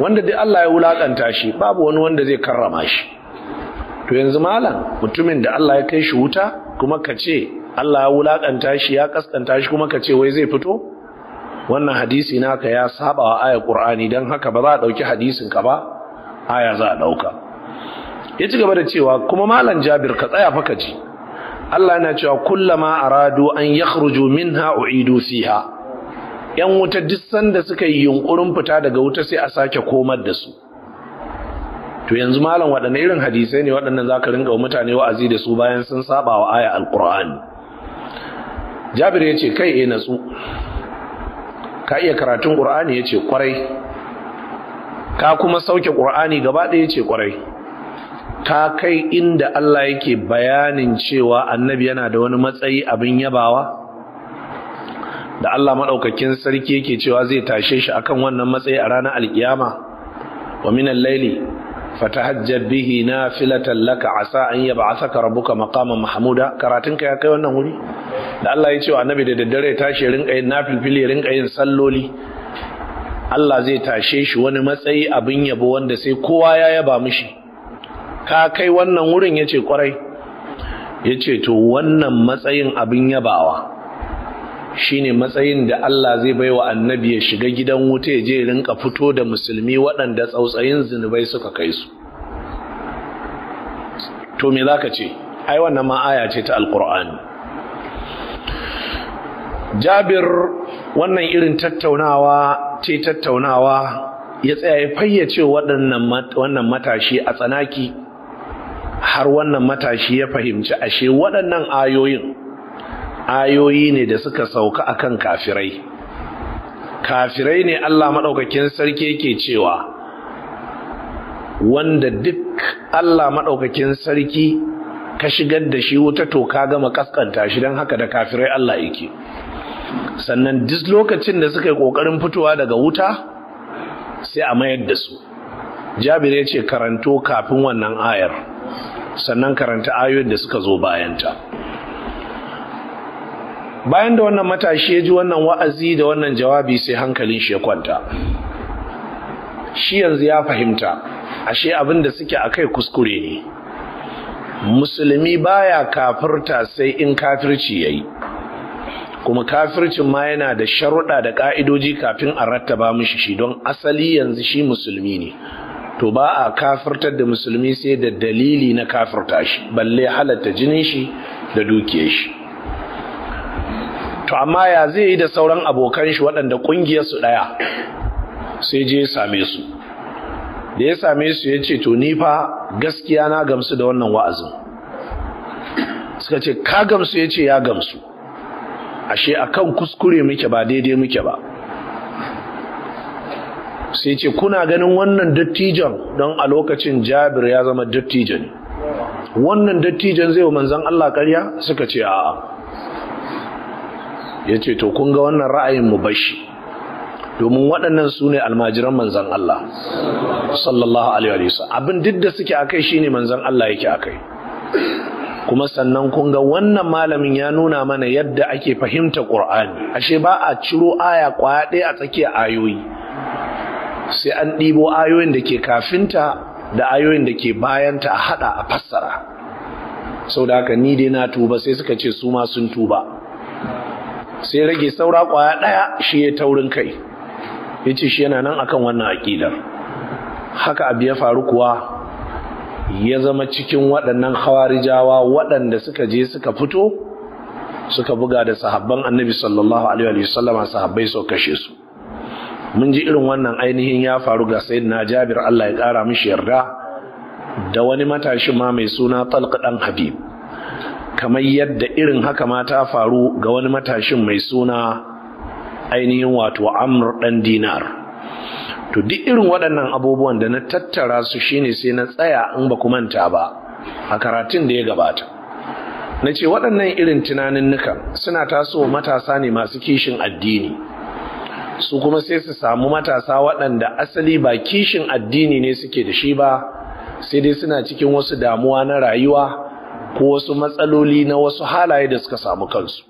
wanda dai Allah ya wulakanta shi babu wani wanda zai karrama shi to yanzu malam mutumin da Allah ya kai shi wuta kuma ka ce Allah ya wulakanta shi ya kaskanta shi kuma ka ce wai zai fito wannan hadisi naka ya saba wa ayar Qur'ani dan haka ba za a dauki hadisin ka ba aya za a dauka ya ci gaba da cewa kuma malam Jabir ka tsaya fa ka ji Allah yana cewa kullama aradu an yakhruju minha uidu fiha yan wuta duk sanda suka yi yunkurin fita daga wuta sai a sake komar da su to yanzu malam waɗanne irin hadisai ne waɗannan ka ringa wa mutane wa'azi da su bayan sun saba wa aya alƙur'ani? jabir ya ce kai na eh, natsu ka iya karatun ƙur'ani ya ce kwarai ka kuma sauke ƙur'ani gaba ɗaya ya ce kwarai ka kai inda Allah yake bayanin cewa annabi yana da wani matsayi abin yabawa da Allah madaukakin sarki yake cewa zai tashe shi akan wannan matsayi a ranar alkiyama wa min al-laili fatahajjab bihi nafilatan laka asa an yab'athaka rabbuka maqaman mahmuda karatun ka ya kai wannan wuri da Allah ya ce wa annabi da daddare tashi rinka yin nafilfili rinka yin salloli Allah zai tashe shi wani matsayi abin yabo wanda sai kowa ya yaba mishi ka kai wannan wurin yace kwarai yace to wannan matsayin abin yabawa shine matsayin da Allah zai bai wa annabi ya shiga gidan wuta ya je rinka fito da musulmi waɗanda tsautsayin zunubai suka kai su to me ka ce ai wannan ma ce ta Alƙur'ani. Jabir wannan irin tattaunawa ce tattaunawa ya tsaya ya fayyace waɗannan wannan matashi a tsanaki har wannan matashi ya fahimci ashe waɗannan ayoyin ayoyi ne da suka sauka akan kafirai kafirai ne Allah maɗaukakin sarki yake cewa wanda duk Allah maɗaukakin sarki ka shigar da shi wuta to ka gama kaskanta shi don haka da kafirai Allah yake sannan duk lokacin da suka yi ƙoƙarin fitowa daga wuta sai a mayar da su jabir ya ce karanto kafin wannan ayar sannan karanta ayoyin da suka zo bayanta bayan da wannan matashi ya ji wannan wa'azi da wannan jawabi sai hankalin shi ya kwanta shi yanzu ya fahimta ashe abin da suke a kai kuskure ne musulmi baya kafirta sai in kafirci yayi kuma kafircin ma yana da sharuɗa da ƙa'idoji kafin a rattaba mishi shi don asali yanzu shi musulmi ne to ba a kafirtar da musulmi sai da dalili na kafirta shi balle halatta jinin shi da dukiyar shi to amma ya zai yi da sauran abokan shi waɗanda ƙungiyarsu ɗaya sai je same su da ya same su ya ce to ni fa gaskiya na gamsu da wannan wa'azin suka ce ka gamsu ya ce ya gamsu ashe a kan kuskure muke ba daidai muke ba sai ce kuna ganin wannan dattijan don a lokacin jabir ya zama dattijan wannan dattijan zai wa manzan Allah karya suka ce a'a ya ce to kun ga wannan ra'ayin mu bashi domin waɗannan su ne almajiran manzan Allah sallallahu alaihi wa abin duk da suke akai shine manzan Allah yake akai kuma sannan kun ga wannan malamin ya nuna mana yadda ake fahimta Qur'ani ashe ba a ciro aya kwaya ɗaya a tsakiyar ayoyi sai an ɗibo ayoyin da ke kafinta da ayoyin da ke bayanta a haɗa a fassara sau da haka ni dai na tuba sai suka ce su ma sun tuba sai rage saura kwaya ɗaya shi ya taurin kai ya ce shi yana nan akan wannan aƙidar haka abu ya faru kuwa ya zama cikin waɗannan hawarijawa waɗanda suka je suka fito suka buga da sahabban annabi sallallahu alaihi wasallama sahabbai sau kashe su mun ji irin wannan ainihin ya faru ga na jabir Allah ya ƙara mishi yarda da wani matashi ma mai suna talq dan habib kamar yadda irin haka ma ta faru ga wani matashin mai suna ainihin wato amur ɗan dinar to duk irin waɗannan abubuwan da na tattara su shine sai na tsaya in ba manta ba a karatun da ya gabata na ce waɗannan irin tunanin tunaninnukan suna taso matasa ne masu kishin addini su kuma sai su samu matasa waɗanda asali ba kishin addini ne suke da shi ba sai dai suna cikin wasu damuwa na rayuwa ko wasu matsaloli na wasu halaye da suka samu kansu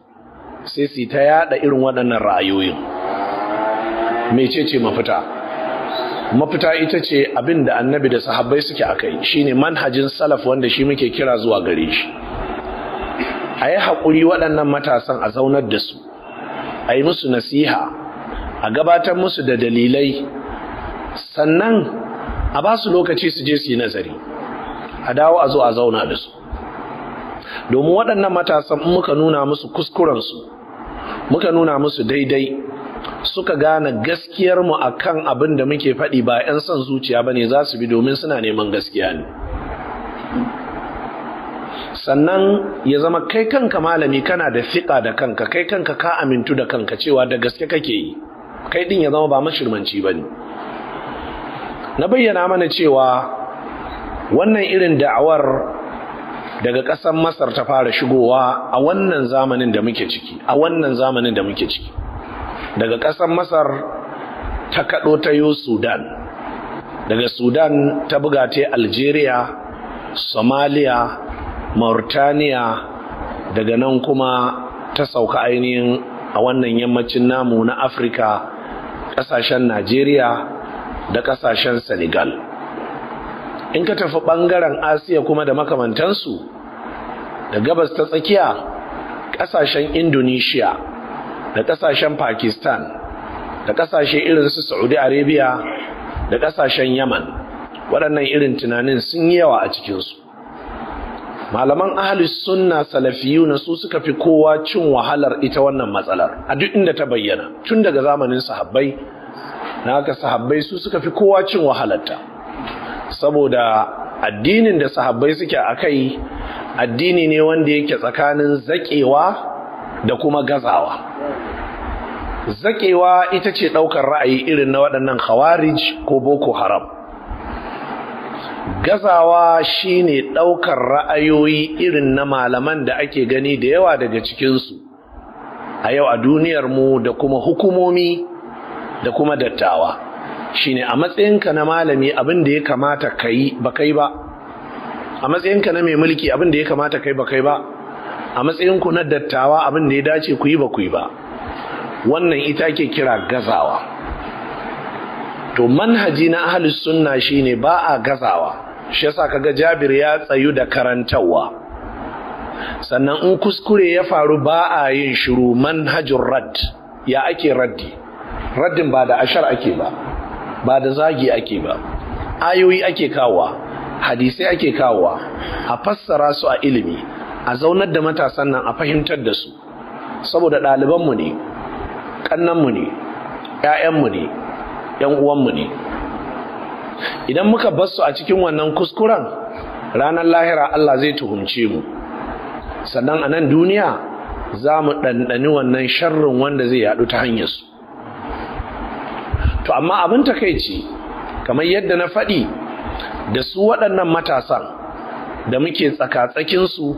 sai su ta yada irin waɗannan ra'ayoyin ce mafita mafita ita ce abin da annabi da sahabbai suke a kai shine manhajin salaf wanda shi muke kira zuwa gare shi a yi haƙuri waɗannan matasan a zaunar da su a yi musu nasiha a gabatar musu da dalilai sannan a ba su lokaci su je su yi nazari a dawo a zo a zauna da su domin waɗannan matasan muka nuna musu kuskurensu muka nuna musu daidai suka gane gaskiyarmu a kan abin da muke faɗi ba 'yan son zuciya ba ne za su bi domin suna neman gaskiya ne sannan ya zama kai kanka malami kana da fiƙa da kanka kai kanka ka amintu da kanka cewa da gaske kake yi kai ɗin ya zama ba mashirmanci ba ne na bayyana mana cewa wannan irin da'awar daga ƙasar masar ta fara shigowa a wannan zamanin da muke ciki a wannan zamanin da muke ciki daga ƙasar masar ta kaɗo ta yi sudan daga sudan ta buga ta algeria somalia mauritania daga nan kuma ta sauka ainihin a wannan yammacin namu na afirka ƙasashen najeriya da ƙasashen senegal in ka tafi ɓangaren asiya kuma da makamantansu da gabas ta tsakiya ƙasashen indonesia da ƙasashen pakistan da ƙasashe irin su saudi arabia da ƙasashen yaman waɗannan irin tunanin sun yi yawa a cikinsu malaman ahli sunna salafiyu na su suka fi kowa cin wahalar ita wannan matsalar a duk inda ta bayyana tun daga zamanin sahabbai na haka sahabbai su suka fi kowa cin wahalarta saboda addinin da sahabbai suke a kai addini ne wanda yake tsakanin zaƙewa da kuma gazawa zaƙewa ita ce ɗaukar ra'ayi irin na waɗannan khawarij ko boko haram gazawa shine ɗaukar ra'ayoyi irin na malaman da ake gani da yawa daga cikinsu a yau a duniyarmu da kuma hukumomi da kuma dattawa shine a matsayinka na malami abin da ya kamata ka yi ba kai ba a matsayinka na mai mulki abin da ya kamata ka yi ba kai ba a matsayinku na dattawa abin da ya dace ku yi ba ku yi ba wannan ita ke kira gazawa to manhaji na ahlus sunna shine ba a gazawa shi yasa kaga Jabir ya tsayu da karantawa sannan in kuskure ya faru ba a yin shiru manhajin rad ya ake raddi raddin ba da ashar ake ba ba da zagi ake ba ayoyi ake kawa hadisai ake kawa a fassara su a ilimi a zaunar da matasan nan a fahimtar da su saboda ɗalibanmu ne mu ne ‘ya'yanmu ne ‘yan uwanmu ne idan muka basu a cikin wannan kuskuren ranar lahira Allah zai tuhumce mu sannan a nan duniya za mu ɗanɗani wannan sharrin wanda zai yaɗu ta hanyarsu to amma abin takaici kamar yadda na faɗi da su waɗannan matasan da muke tsakatsakinsu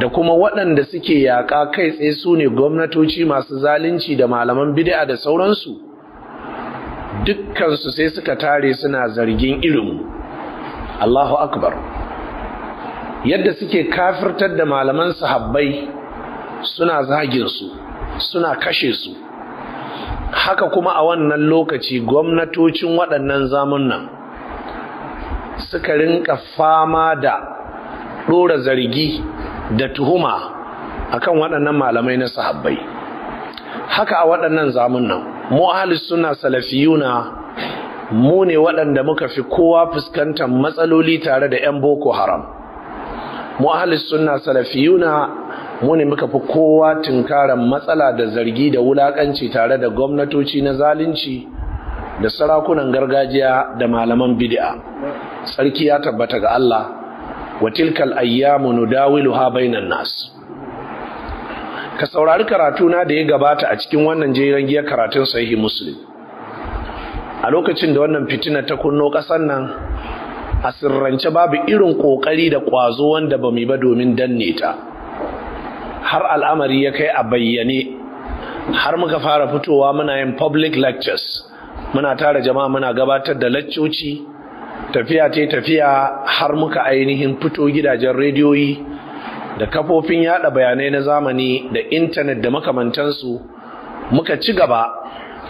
da kuma waɗanda suke yaƙa kai tsaye su ne gwamnatoci masu zalunci da malaman bid'a da sauransu dukkansu sai suka tare suna zargin ilimu. Allahu akbar yadda suke kafirtar da malaman sahabbai suna zaginsu suna kashe su haka kuma a wannan lokaci gwamnatocin waɗannan zamunan suka rinka fama da ɗora zargi da tuhuma akan waɗannan malamai na sahabbai haka a waɗannan zamunan mu ahalis suna salafiyuna mu ne waɗanda muka fi kowa fuskantar matsaloli tare da 'yan boko haram mu ahalis suna salafiyuna mu ne muka fi kowa tunkaran matsala da zargi da wulakanci tare da gwamnatoci na zalunci da sarakunan gargajiya da malaman bid'a sarki ya tabbata ga Allah wa tilkal ayyamu nudawiluha bainan nas ka saurari karatu na da ya gabata a cikin wannan jeren giyar karatun sahihi muslim a lokacin da wannan fitina ta kunno kasan nan a sirrance babu irin kokari da kwazo wanda ba mu yi ba domin danne ta har al'amari ya kai a bayyane har muka fara fitowa muna yin public lectures muna tara jama'a muna gabatar da laccoci tafiya ta tafiya har muka ainihin fito gidajen rediyoyi da kafofin yada bayanai na zamani da intanet da makamantansu muka ci gaba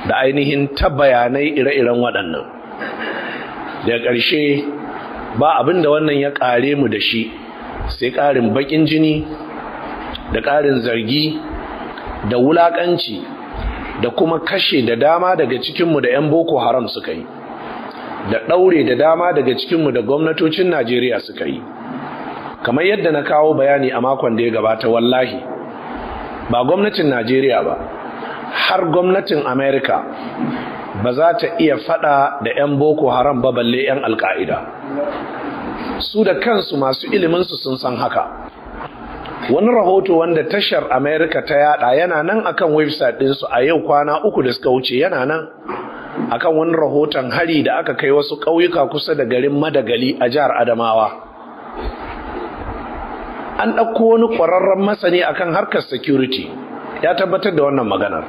da ainihin ta bayanai ire-iren waɗannan da ƙarshe ba abin da wannan ya ƙare mu da shi sai ƙarin baƙin jini da ƙarin zargi da wulaƙanci da kuma kashe da dama daga cikinmu da 'yan boko haram suka yi da ɗaure da dama daga cikinmu da gwamnatocin najeriya suka yi kamar yadda na kawo bayani a makon da ya gabata wallahi ba gwamnatin najeriya ba har gwamnatin amerika ba za ta iya faɗa da 'yan boko haram ba balle 'yan alka'ida su da kansu masu iliminsu sun san haka wani rahoto wanda tashar america ta yada yana nan akan website ɗinsu a yau kwana uku da suka wuce yana nan akan wani rahoton hari da aka kai wasu ƙauyuka kusa da garin madagali a jihar adamawa an ɗauko wani ƙwararren masani akan harkar security ya tabbatar da wannan maganar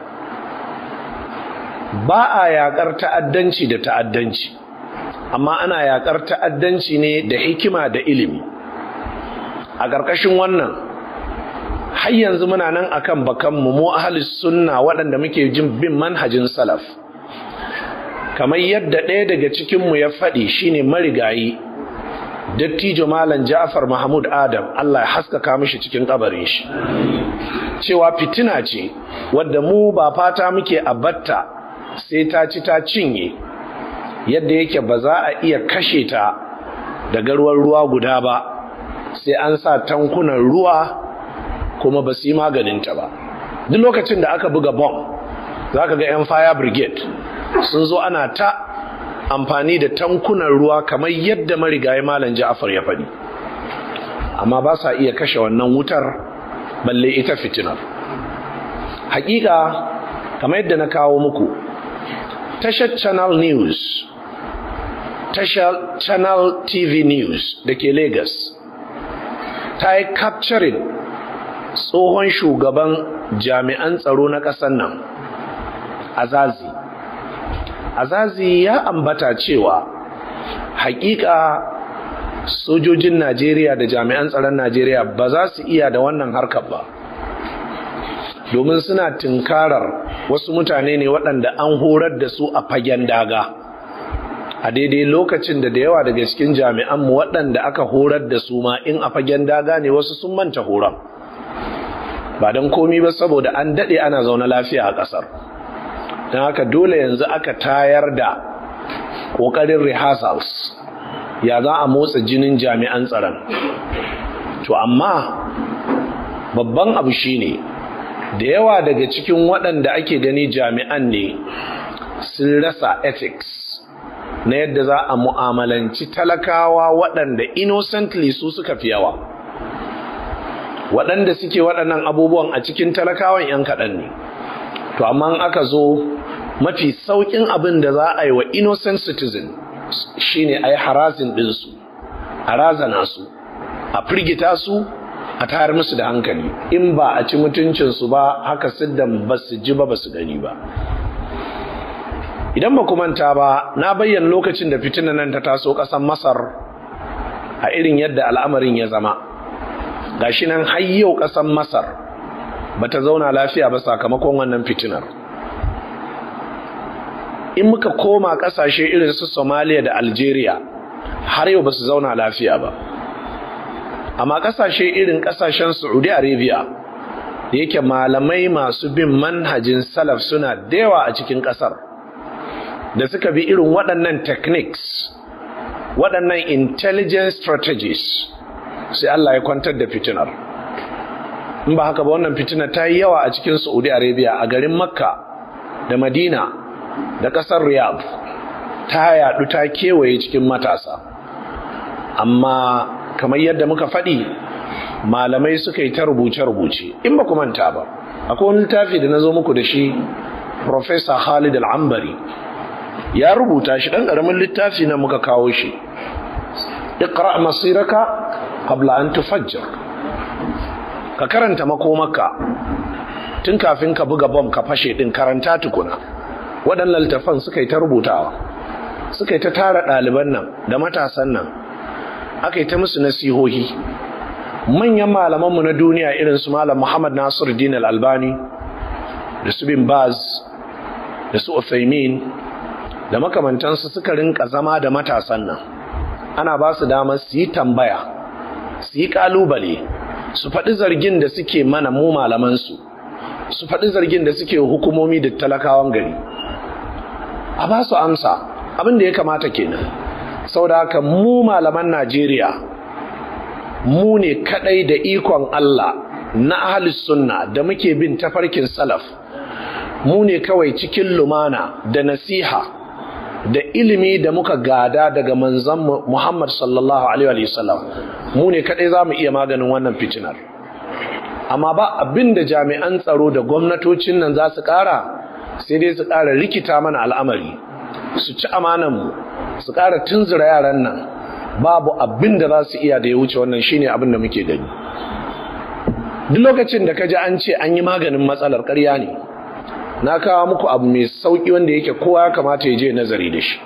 ba a yaƙar ta'addanci da ta'addanci amma ana yaƙar ta'addanci ne da hikima da ilimi a ƙarƙashin wannan har yanzu muna nan akan bakanmu mu ahlus sunna waɗanda muke jin bin manhajin salaf kamar yadda ɗaya daga cikinmu ya faɗi shine marigayi dattijo malam ja'far mahmud adam allah ya haskaka mishi cikin ƙabarin shi cewa fitina ce wadda mu ba fata muke abatta sai ta ci ta cinye yadda yake ba za a iya kashe ta da garwar ruwa guda ba sai an sa tankunan ruwa kuma ba su yi maganinta ba duk lokacin da aka buga bomb za ka ga 'yan fire brigade sun zo ana ta amfani da tankunan ruwa kamar yadda marigayi malam ja'afar ya faɗi amma ba sa iya kashe wannan wutar balle ita fitinar hakika kamar yadda na kawo muku tashar channel news tashar channel tv news da ke lagos ta yi capturing tsohon shugaban jami'an tsaro na ƙasar nan azazi azazi ya ambata cewa hakika sojojin najeriya da jami'an tsaron najeriya ba za su iya da wannan harkar ba domin suna tunkarar wasu mutane ne waɗanda an horar da su a fagen daga a daidai lokacin da da yawa daga cikin jami'anmu waɗanda aka horar da su ma in a fagen daga ne wasu sun manta horon ba don komi ba saboda an daɗe ana zaune lafiya a ƙasar don haka dole yanzu aka tayar da ƙoƙarin rehearsals ya za a motsa jinin jami'an tsaron to amma babban abu shi ne da yawa daga cikin waɗanda ake gani jami'an ne sun rasa ethics na yadda za a mu'amalanci talakawa waɗanda innocently su suka fi yawa waɗanda suke waɗannan abubuwan a cikin talakawan 'yan kaɗan ne to amma aka zo mafi sauƙin abin da za a yi wa innocent citizen shine a yi harazin ɗinsu a razana su a firgita su a tayar musu da hankali in ba a ci mutuncinsu ba haka siddan ba su ji ba ba su gani ba idan ba manta ba na bayyana lokacin da fitina nan ta taso ƙasar masar a irin yadda al'amarin ya zama gashi nan har yau ƙasar masar bata zauna lafiya ba sakamakon wannan fitinar in muka koma ƙasashe irin su Somaliya da algeria har yau ba su zauna lafiya ba amma ƙasashe irin ƙasashen saudi arabia da yake malamai masu bin manhajin salaf suna dewa a cikin ƙasar da suka bi irin waɗannan techniques waɗannan intelligence strategies sai Allah ya kwantar da fitinar in ba haka ba wannan fitina ta yi yawa a cikin Saudi Arabia a garin Makka da Madina da ƙasar Riyadh ta yaɗu ta kewaye cikin matasa amma kamar yadda muka faɗi malamai suka yi ta rubuce-rubuce in ba ku manta ba akwai wani littafi da na zo muku da shi Professor Khalid Al-Ambari ya rubuta shi ɗan ƙaramin littafi na muka kawo shi iqra masiraka qabla an tufajjir ka karanta makomaka tun kafin ka buga bom ka fashe din karanta tukuna waɗannan littafan suka yi ta rubutawa suka yi ta tara ɗaliban nan da matasan nan aka yi ta musu nasihohi manyan malamanmu na duniya irin su malam muhammad nasiru Dinal albani da su bin baz da su uthaymin da makamantansu suka rinka zama da matasan nan ana ba su damar su yi tambaya su yi kalubale su faɗi zargin da suke mana mu malamansu su faɗi zargin da suke hukumomi da talakawan gari a ba su amsa abin da ya kamata kenan da haka mu malaman najeriya mu ne kaɗai da ikon allah na ahalis sunna da muke bin tafarkin salaf mu ne kawai cikin lumana da nasiha da ilimi da muka gada daga manzon Muhammad sallallahu alaihi wasallam mu ne kadai za mu iya maganin wannan fitinar amma ba abin da jami'an tsaro da gwamnatocin nan za su kara sai dai su kara rikita mana al'amari su ci amanan mu su kara tunzura yaran nan babu abin da za su iya da ya wuce wannan shine abin da muke gani duk lokacin da ka an ce an yi maganin matsalar ƙarya ne na kawo muku abu mai sauki wanda yake kowa ya kamata ya je nazari da shi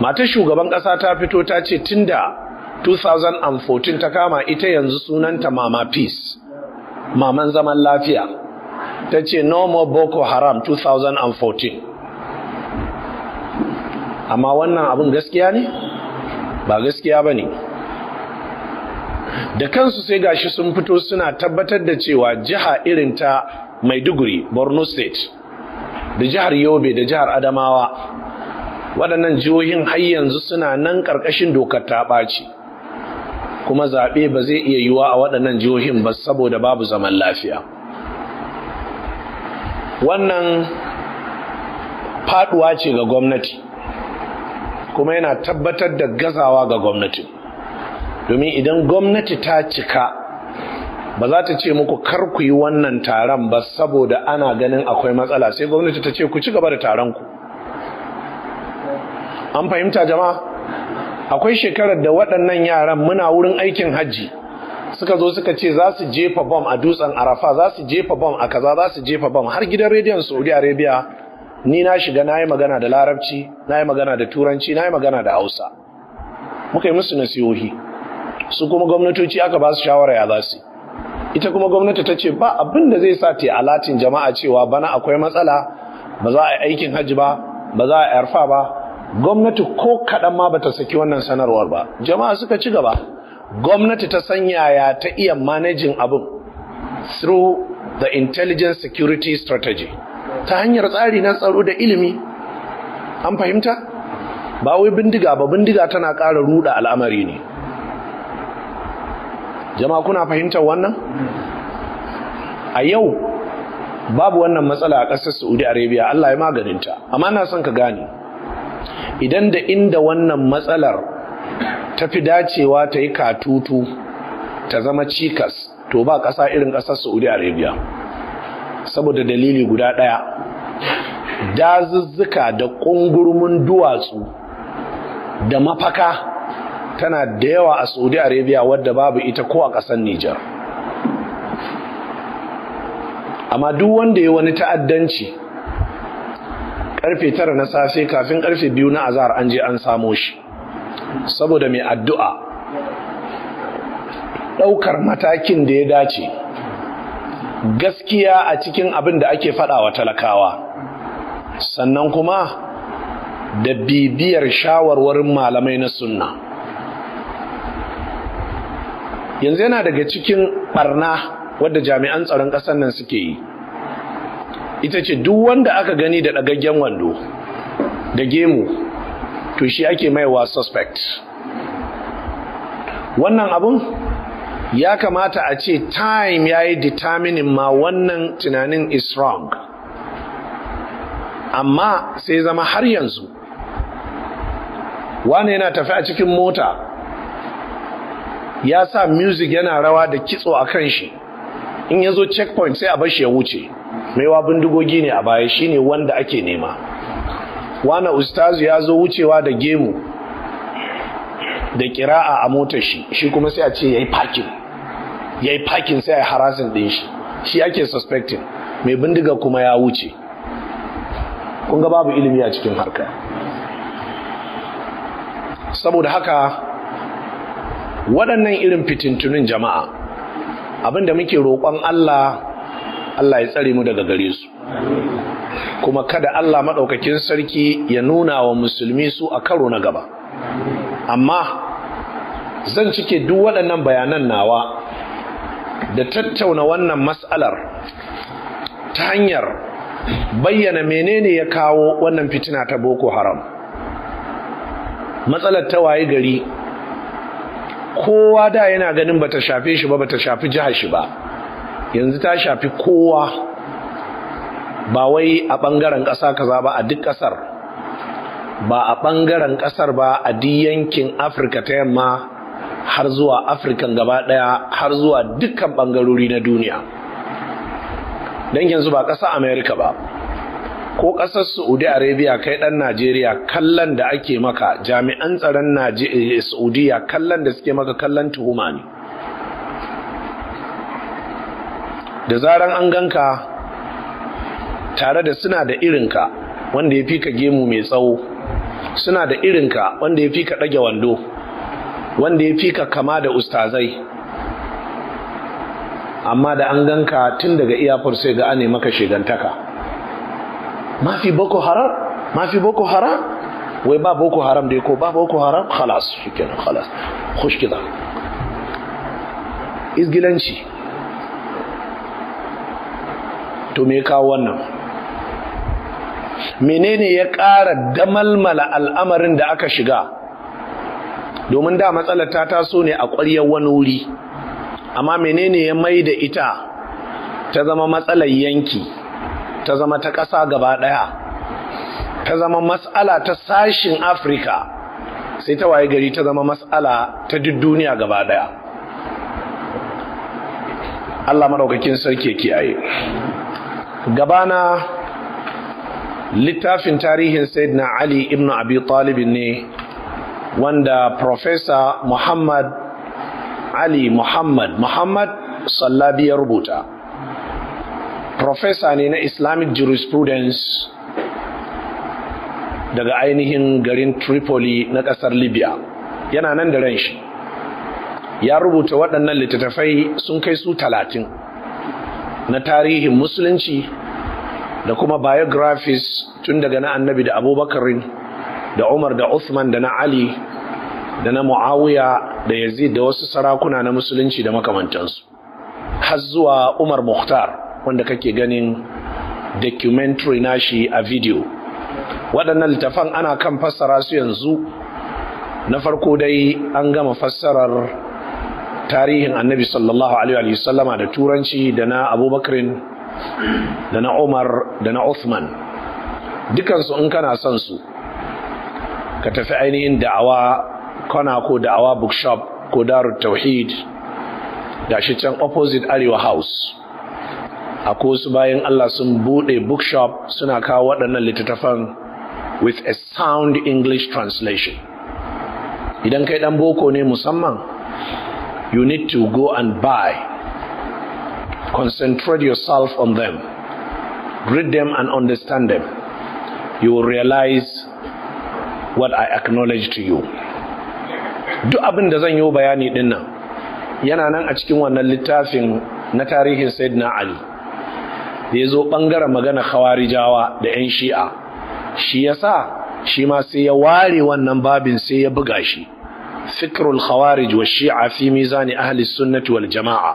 Mata shugaban ƙasa ta fito ta ce tun da 2014 ta kama ita yanzu sunanta mama peace maman zaman lafiya ta ce no more boko haram 2014 amma wannan abin gaskiya ne ba gaskiya ba ne da kansu sai gashi sun fito suna tabbatar da cewa jiha irin ta maiduguri borno state da jihar yobe da jihar adamawa waɗannan jihohin har yanzu suna nan ƙarƙashin dokar ta ɓaci kuma zaɓe ba zai iya yiwa a waɗannan jihohin ba saboda babu zaman lafiya wannan faɗuwa ce ga gwamnati kuma yana tabbatar da gazawa ga gwamnatin domin idan gwamnati ta cika ba za ta ce muku kar ku yi wannan taron ba saboda ana ganin akwai matsala sai gwamnati ta ce ku ci gaba da taron ku an fahimta jama'a akwai shekarar da waɗannan yaran muna wurin aikin hajji suka zo suka ce za su jefa bom a dutsen arafa za su jefa bom a kaza za su jefa bom har gidan rediyon saudi arabia ni na shiga na yi magana da larabci na yi magana da turanci na yi magana da hausa muka yi musu nasihohi su kuma gwamnatoci aka ba su shawara ya za su ita kuma gwamnati ta ce ba abin da zai sa ta alatin jama'a cewa bana akwai matsala ba za a yi aikin hajji ba ba za a arfa ba gwamnati ko kaɗan ma ba ta saki wannan sanarwar ba jama'a suka ci gaba gwamnati ta sanya ya ta iya manajin abin through the intelligence security strategy ta hanyar tsari na tsaro da ilimi an fahimta ba wai bindiga ba bindiga tana ƙara ruda al'amari ne jama'a kuna fahimtar wannan a yau babu wannan matsala a ƙasar saudi arabia allah ya maganinta amma na son ka gane idan da inda wannan matsalar ta fi dacewa ta yi katutu ta zama cikas to ba ƙasa irin ƙasar saudi arabia saboda dalili guda ɗaya dazuzzuka da ƙungurmin duwatsu da mafaka tana da yawa a saudi arabia wadda babu ita ko a ƙasar nijar amma duk wanda ya wani ta'addanci ƙarfe tara na safe kafin ƙarfe biyu na azahar an je an samo shi saboda mai addu'a ɗaukar matakin da ya dace gaskiya a cikin abin da ake faɗawa talakawa sannan kuma da bibiyar shawarwarin malamai na sunna yanzu yana daga cikin barna wadda jami'an tsaron ƙasar nan suke yi ita ce duk wanda aka gani da ɗagaggen wando da gemu to shi ake maiwa suspect wannan abun ya kamata a ce time ya yi determining ma wannan tunanin is wrong amma sai zama har yanzu wane yana tafi a cikin mota ya sa music yana rawa da kitso a kan shi in ya zo checkpoint sai a bar shi ya wuce mai maiwa bindigogi ne a baya shine wanda ake nema wana ustazu ya zo wucewa da gemu da kira'a a motar shi shi kuma sai a ce yayi parking yayi parking sai a harasin din shi shi ake suspecting mai bindiga kuma ya wuce kun ga babu ilimi a cikin harka saboda haka waɗannan irin fitintunin jama'a abinda muke roƙon Allah Allah ya tsare mu daga gare su kuma kada Allah maɗaukakin sarki ya nuna wa musulmi su a karo na gaba amma zan cike duk waɗannan bayanan nawa da tattauna wannan mas'alar ta hanyar bayyana menene ya kawo wannan fitina ta boko haram matsalar ta waye gari kowa da yana ganin bata shafe shi ba bata shafi jihar shi ba yanzu ta shafi kowa ba wai a ɓangaren ƙasa kaza ba a duk ƙasar ba a ɓangaren ƙasar ba a duk yankin afirka ta yamma har zuwa afirkan gaba ɗaya har zuwa dukkan bangarori na duniya don yanzu ba ƙasa amerika ba ko ƙasar saudi arabia kai ɗan najeriya kallon da ake maka jami'an tsaron eh, saudiya kallon da suke maka kallon tuhuma ne da zaran an ganka tare da suna da irinka wanda ya fi ka gemu mai tsawo suna da irinka wanda ya fi ka ɗage wando wanda ya fi ka kama da ustazai amma da an ganka tun daga iyafar sai ga ane maka shigantaka mafi boko haram mafi boko haram wai ba boko haram dai ko ba boko haram khalas shikenan khalas khush kida izgilanci to me kawo wannan menene ya ƙara damalmala al'amarin da aka shiga domin da matsalar ta taso ne a ƙwaryar wani wuri amma menene ya mai da ita ta zama matsalar yanki ta zama ta ƙasa gaba ɗaya ta zama matsala ta sashin afirka sai ta waye gari ta zama matsala ta duk duniya gaba ɗaya allah maɗaukakin sarki kiyaye gabana littafin tarihin sayyidina ali ibn abi talibin ne wanda Profesa Muhammad Ali Muhammad Muhammad Sallabi ya rubuta. Profesa ne na islamic jurisprudence daga ainihin garin tripoli na ƙasar libya yana nan da ran shi ya rubuta waɗannan littattafai sun kai su talatin na tarihin musulunci da kuma biographies tun daga na annabi da abubakarin da umar da uthman da na ali da na muawiya da yazid da wasu sarakuna na musulunci da makamantansu har zuwa umar mukhtar wanda kake ganin documentary shi a video waɗannan littafan ana kan fassara su yanzu na farko dai an gama fassarar tarihin annabi sallallahu alaihi wasallama da turanci da na abubakarin da na umar da na Osman. dukansu in kana son su ka tafi ainihin da'awa kwana ko da'awa bookshop ko darut tauhid da shi can opposite arewa house akwai wasu bayan Allah sun buɗe bookshop suna kawo waɗannan littattafan with a sound English translation. Idan kai ɗan boko ne musamman, you need to go and buy. Concentrate yourself on them. Read them and understand them. You will realize what I acknowledge to you. Duk abin da zan yi bayani ɗin nan, yana nan a cikin wannan littafin na tarihin Sayyidina Ali. da ya zo ɓangaren magana khawarijawa da 'yan shi'a shi ya sa shi ma sai ya ware wannan babin sai ya buga shi fikrul khawarij wa shi'a fi mizani ahli sunnati wal jama'a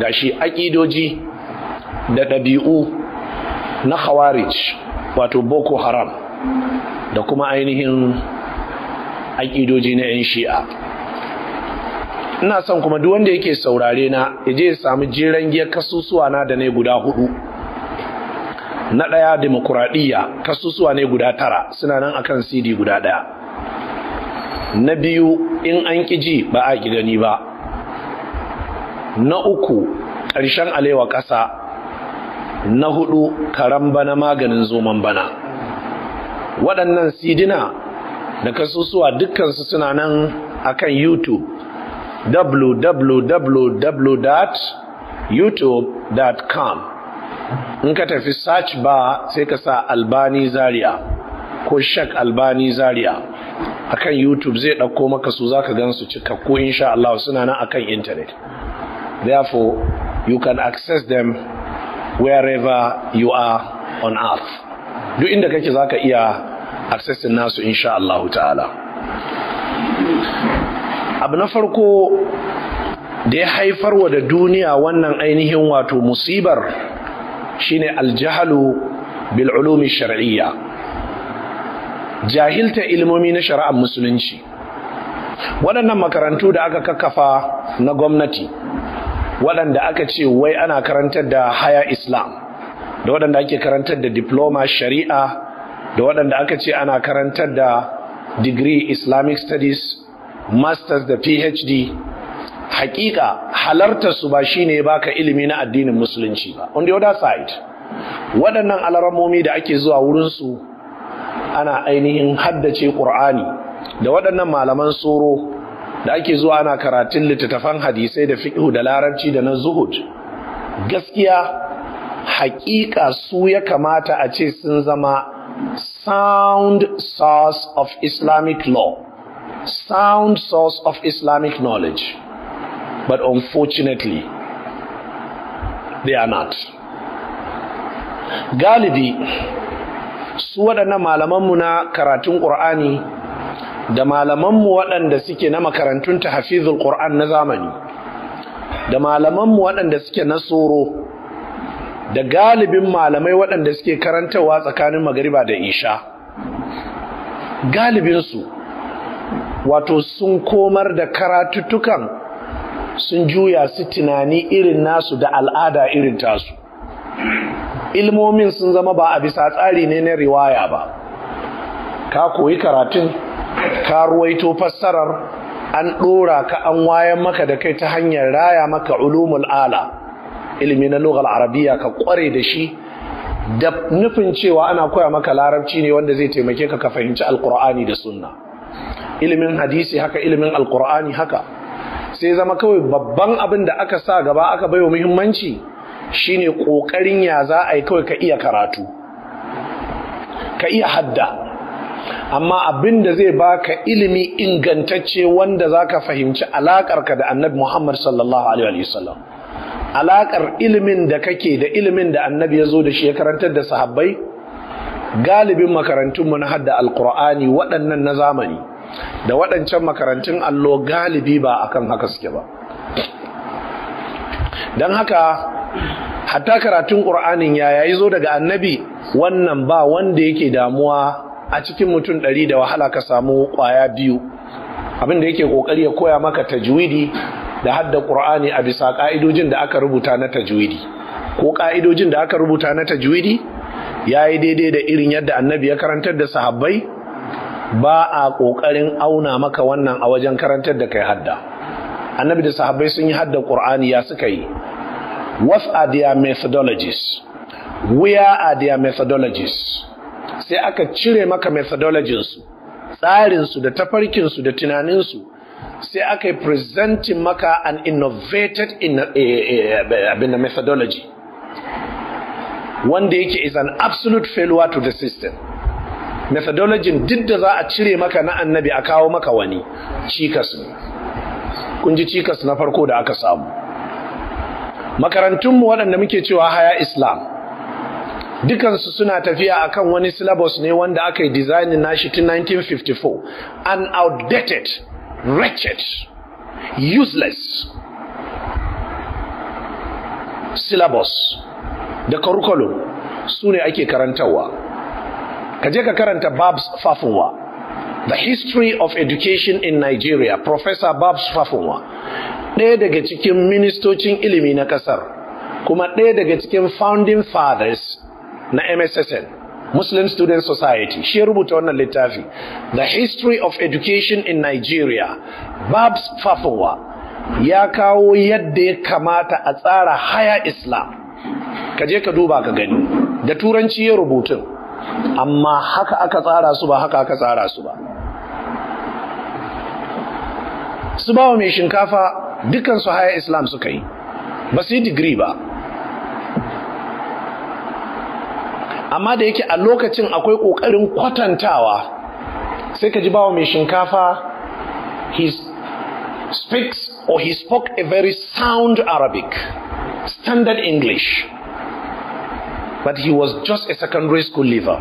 ga shi aƙidoji da ɗabi'u na khawarij wato boko haram da kuma ainihin aƙidoji na 'yan shi'a ina son kuma duk wanda yake saurare na ya je ya samu jiran giyar kasusuwa na da ne guda hudu na ɗaya demokuraɗiyya kasusuwa ne guda tara suna nan akan cd guda ɗaya na biyu in an ƙi ji ba a ƙi gani ba na uku ƙarshen alewa ƙasa na hudu karan bana maganin zoman bana waɗannan sidina da kasusuwa dukkansu suna nan akan youtube www.youtube.com in ka tafi search ba sai ka sa albani zaria ko shak albani zaria akan youtube zai ɗauko maka su zaka gan su cikakku insha Allah suna nan akan internet therefore you can access them wherever you are on earth duk inda kake zaka iya accessing nasu insha Allah ta'ala abu na farko da ya haifar wa da duniya wannan ainihin wato musibar shine aljahalu bil'ulumi shari'iyya jahilta ilmomi na shari'ar musulunci waɗannan makarantu da aka kakkafa na gwamnati waɗanda aka ce wai ana karantar da haya islam da waɗanda ake karantar da diploma shari'a da waɗanda aka ce ana karantar da degree islamic studies masters da phd hakika halartar su ba shine baka ilimi na addinin musulunci ba on the other side waɗannan alaramomi da ake zuwa wurin su ana ainihin haddace qur'ani da waɗannan malaman soro da ake zuwa ana karatun littattafan hadisai da fiqh da larabci da na zuhud gaskiya hakika su ya kamata a ce sun zama sound source of islamic law sound source of Islamic knowledge. But unfortunately, they are not. Galibi, su waɗannan malamanmu na karatun ƙur'ani da malamanmu waɗanda suke na makarantun ta hafizul ƙur'an na zamani, da malamanmu waɗanda suke na tsoro, da galibin malamai waɗanda suke karantarwa tsakanin magariba da isha. Galibinsu wato sun komar da karatuttukan sun juya su tunani irin nasu da al'ada irin tasu ilmomin sun zama ba a bisa tsari ne na riwaya ba ka koyi karatun ka ruwaito fassarar an ɗora ka an wayan maka da kai ta hanyar raya maka ulumul ala ilimi na lughal arabiya ka kware da shi da nufin cewa ana koya maka larabci ne wanda zai taimake ka ka fahimci alkur'ani da sunna ilimin hadisi haka ilimin alkur'ani haka sai zama kawai babban abin da aka sa gaba aka baiwa muhimmanci shine kokarin ya za a yi kawai ka iya karatu ka iya hadda amma abin da zai baka ilimi ingantacce wanda za ka fahimci alaƙarka da annabi muhammad sallallahu alaihi wasallam alaƙar ilimin da kake da ilimin da annabi ya zo da shi ya karantar da sahabbai galibin makarantunmu na hadda alkur'ani waɗannan na zamani da waɗancan makarantun allo galibi ba a kan haka suke ba don haka hatta karatun ƙur'anin ya yayi zo daga annabi wannan ba wanda yake damuwa a cikin mutum ɗari da wahala ka samu ƙwaya biyu abin da yake ƙoƙari ya koya maka tajwidi da hadda ƙur'ani a bisa ƙa'idojin da aka rubuta na tajwidi ko ƙa'idojin da aka rubuta na tajwidi ya yi daidai da irin yadda annabi ya karantar da sahabbai ba a ƙoƙarin auna maka wannan a wajen karantar da kai hadda annabi da sahabbai sun yi hadda ƙur'ani ya suka yi what are their methodologies where are their methodologies sai aka cire maka methodologies su da tafarkinsu da tunanin su sai aka yi presenting maka an innovated in, eh, eh, eh, abin methodology wanda yake is an absolute failure to the system methodology duk da za a cire maka na annabi a kawo maka wani cikas ne kun ji cikas na farko da aka samu makarantunmu waɗanda muke cewa haya islam dukansu suna tafiya akan wani syllabus ne wanda aka yi design shi tun 1954 an outdated wretched useless syllabus da curriculum su ne ake karantarwa ka je ka karanta Babs Fafunwa The History of Education in Nigeria Professor Babs Fafunwa ɗaya daga cikin ministocin ilimi na ƙasar kuma ɗaya daga cikin founding fathers na MSSN Muslim Student Society shi ya rubuta wannan littafi The History of Education in Nigeria Babs Fafunwa ya kawo yadda ya kamata a tsara haya Islam ka je ka duba ka gani da turanci ya rubutun amma haka aka tsara su ba haka aka tsara su ba su bawa mai shinkafa dukansu haya islam suka yi ba su yi digiri ba amma da yake a lokacin akwai ƙoƙarin kwatantawa sai ka ji bawa mai shinkafa he speaks or he spoke a very sound arabic standard english but he was just a secondary school leaver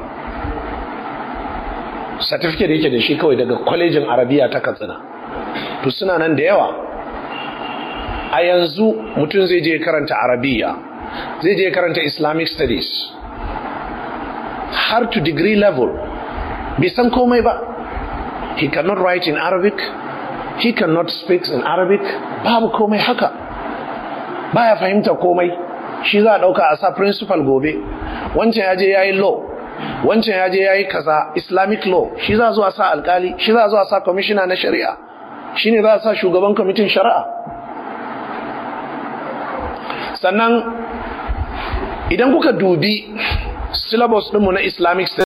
certificate yake da shi kawai daga kwalejin arabiya ta katsina to suna nan da yawa a yanzu mutum zai je karanta arabiya zai je karanta islamic studies har to degree level bai san komai ba he cannot write in arabic he cannot speak in arabic babu komai haka baya fahimta komai shi za a ɗauka a sa principal gobe wancan ya je ya yi law wancan ya je ya yi kaza islamic law shi za a zuwa sa alkali shi za a zuwa sa kwamishina na shari'a shi ne za a sa shugaban kwamitin shari'a sannan idan kuka dubi syllabus ɗinmu na islamic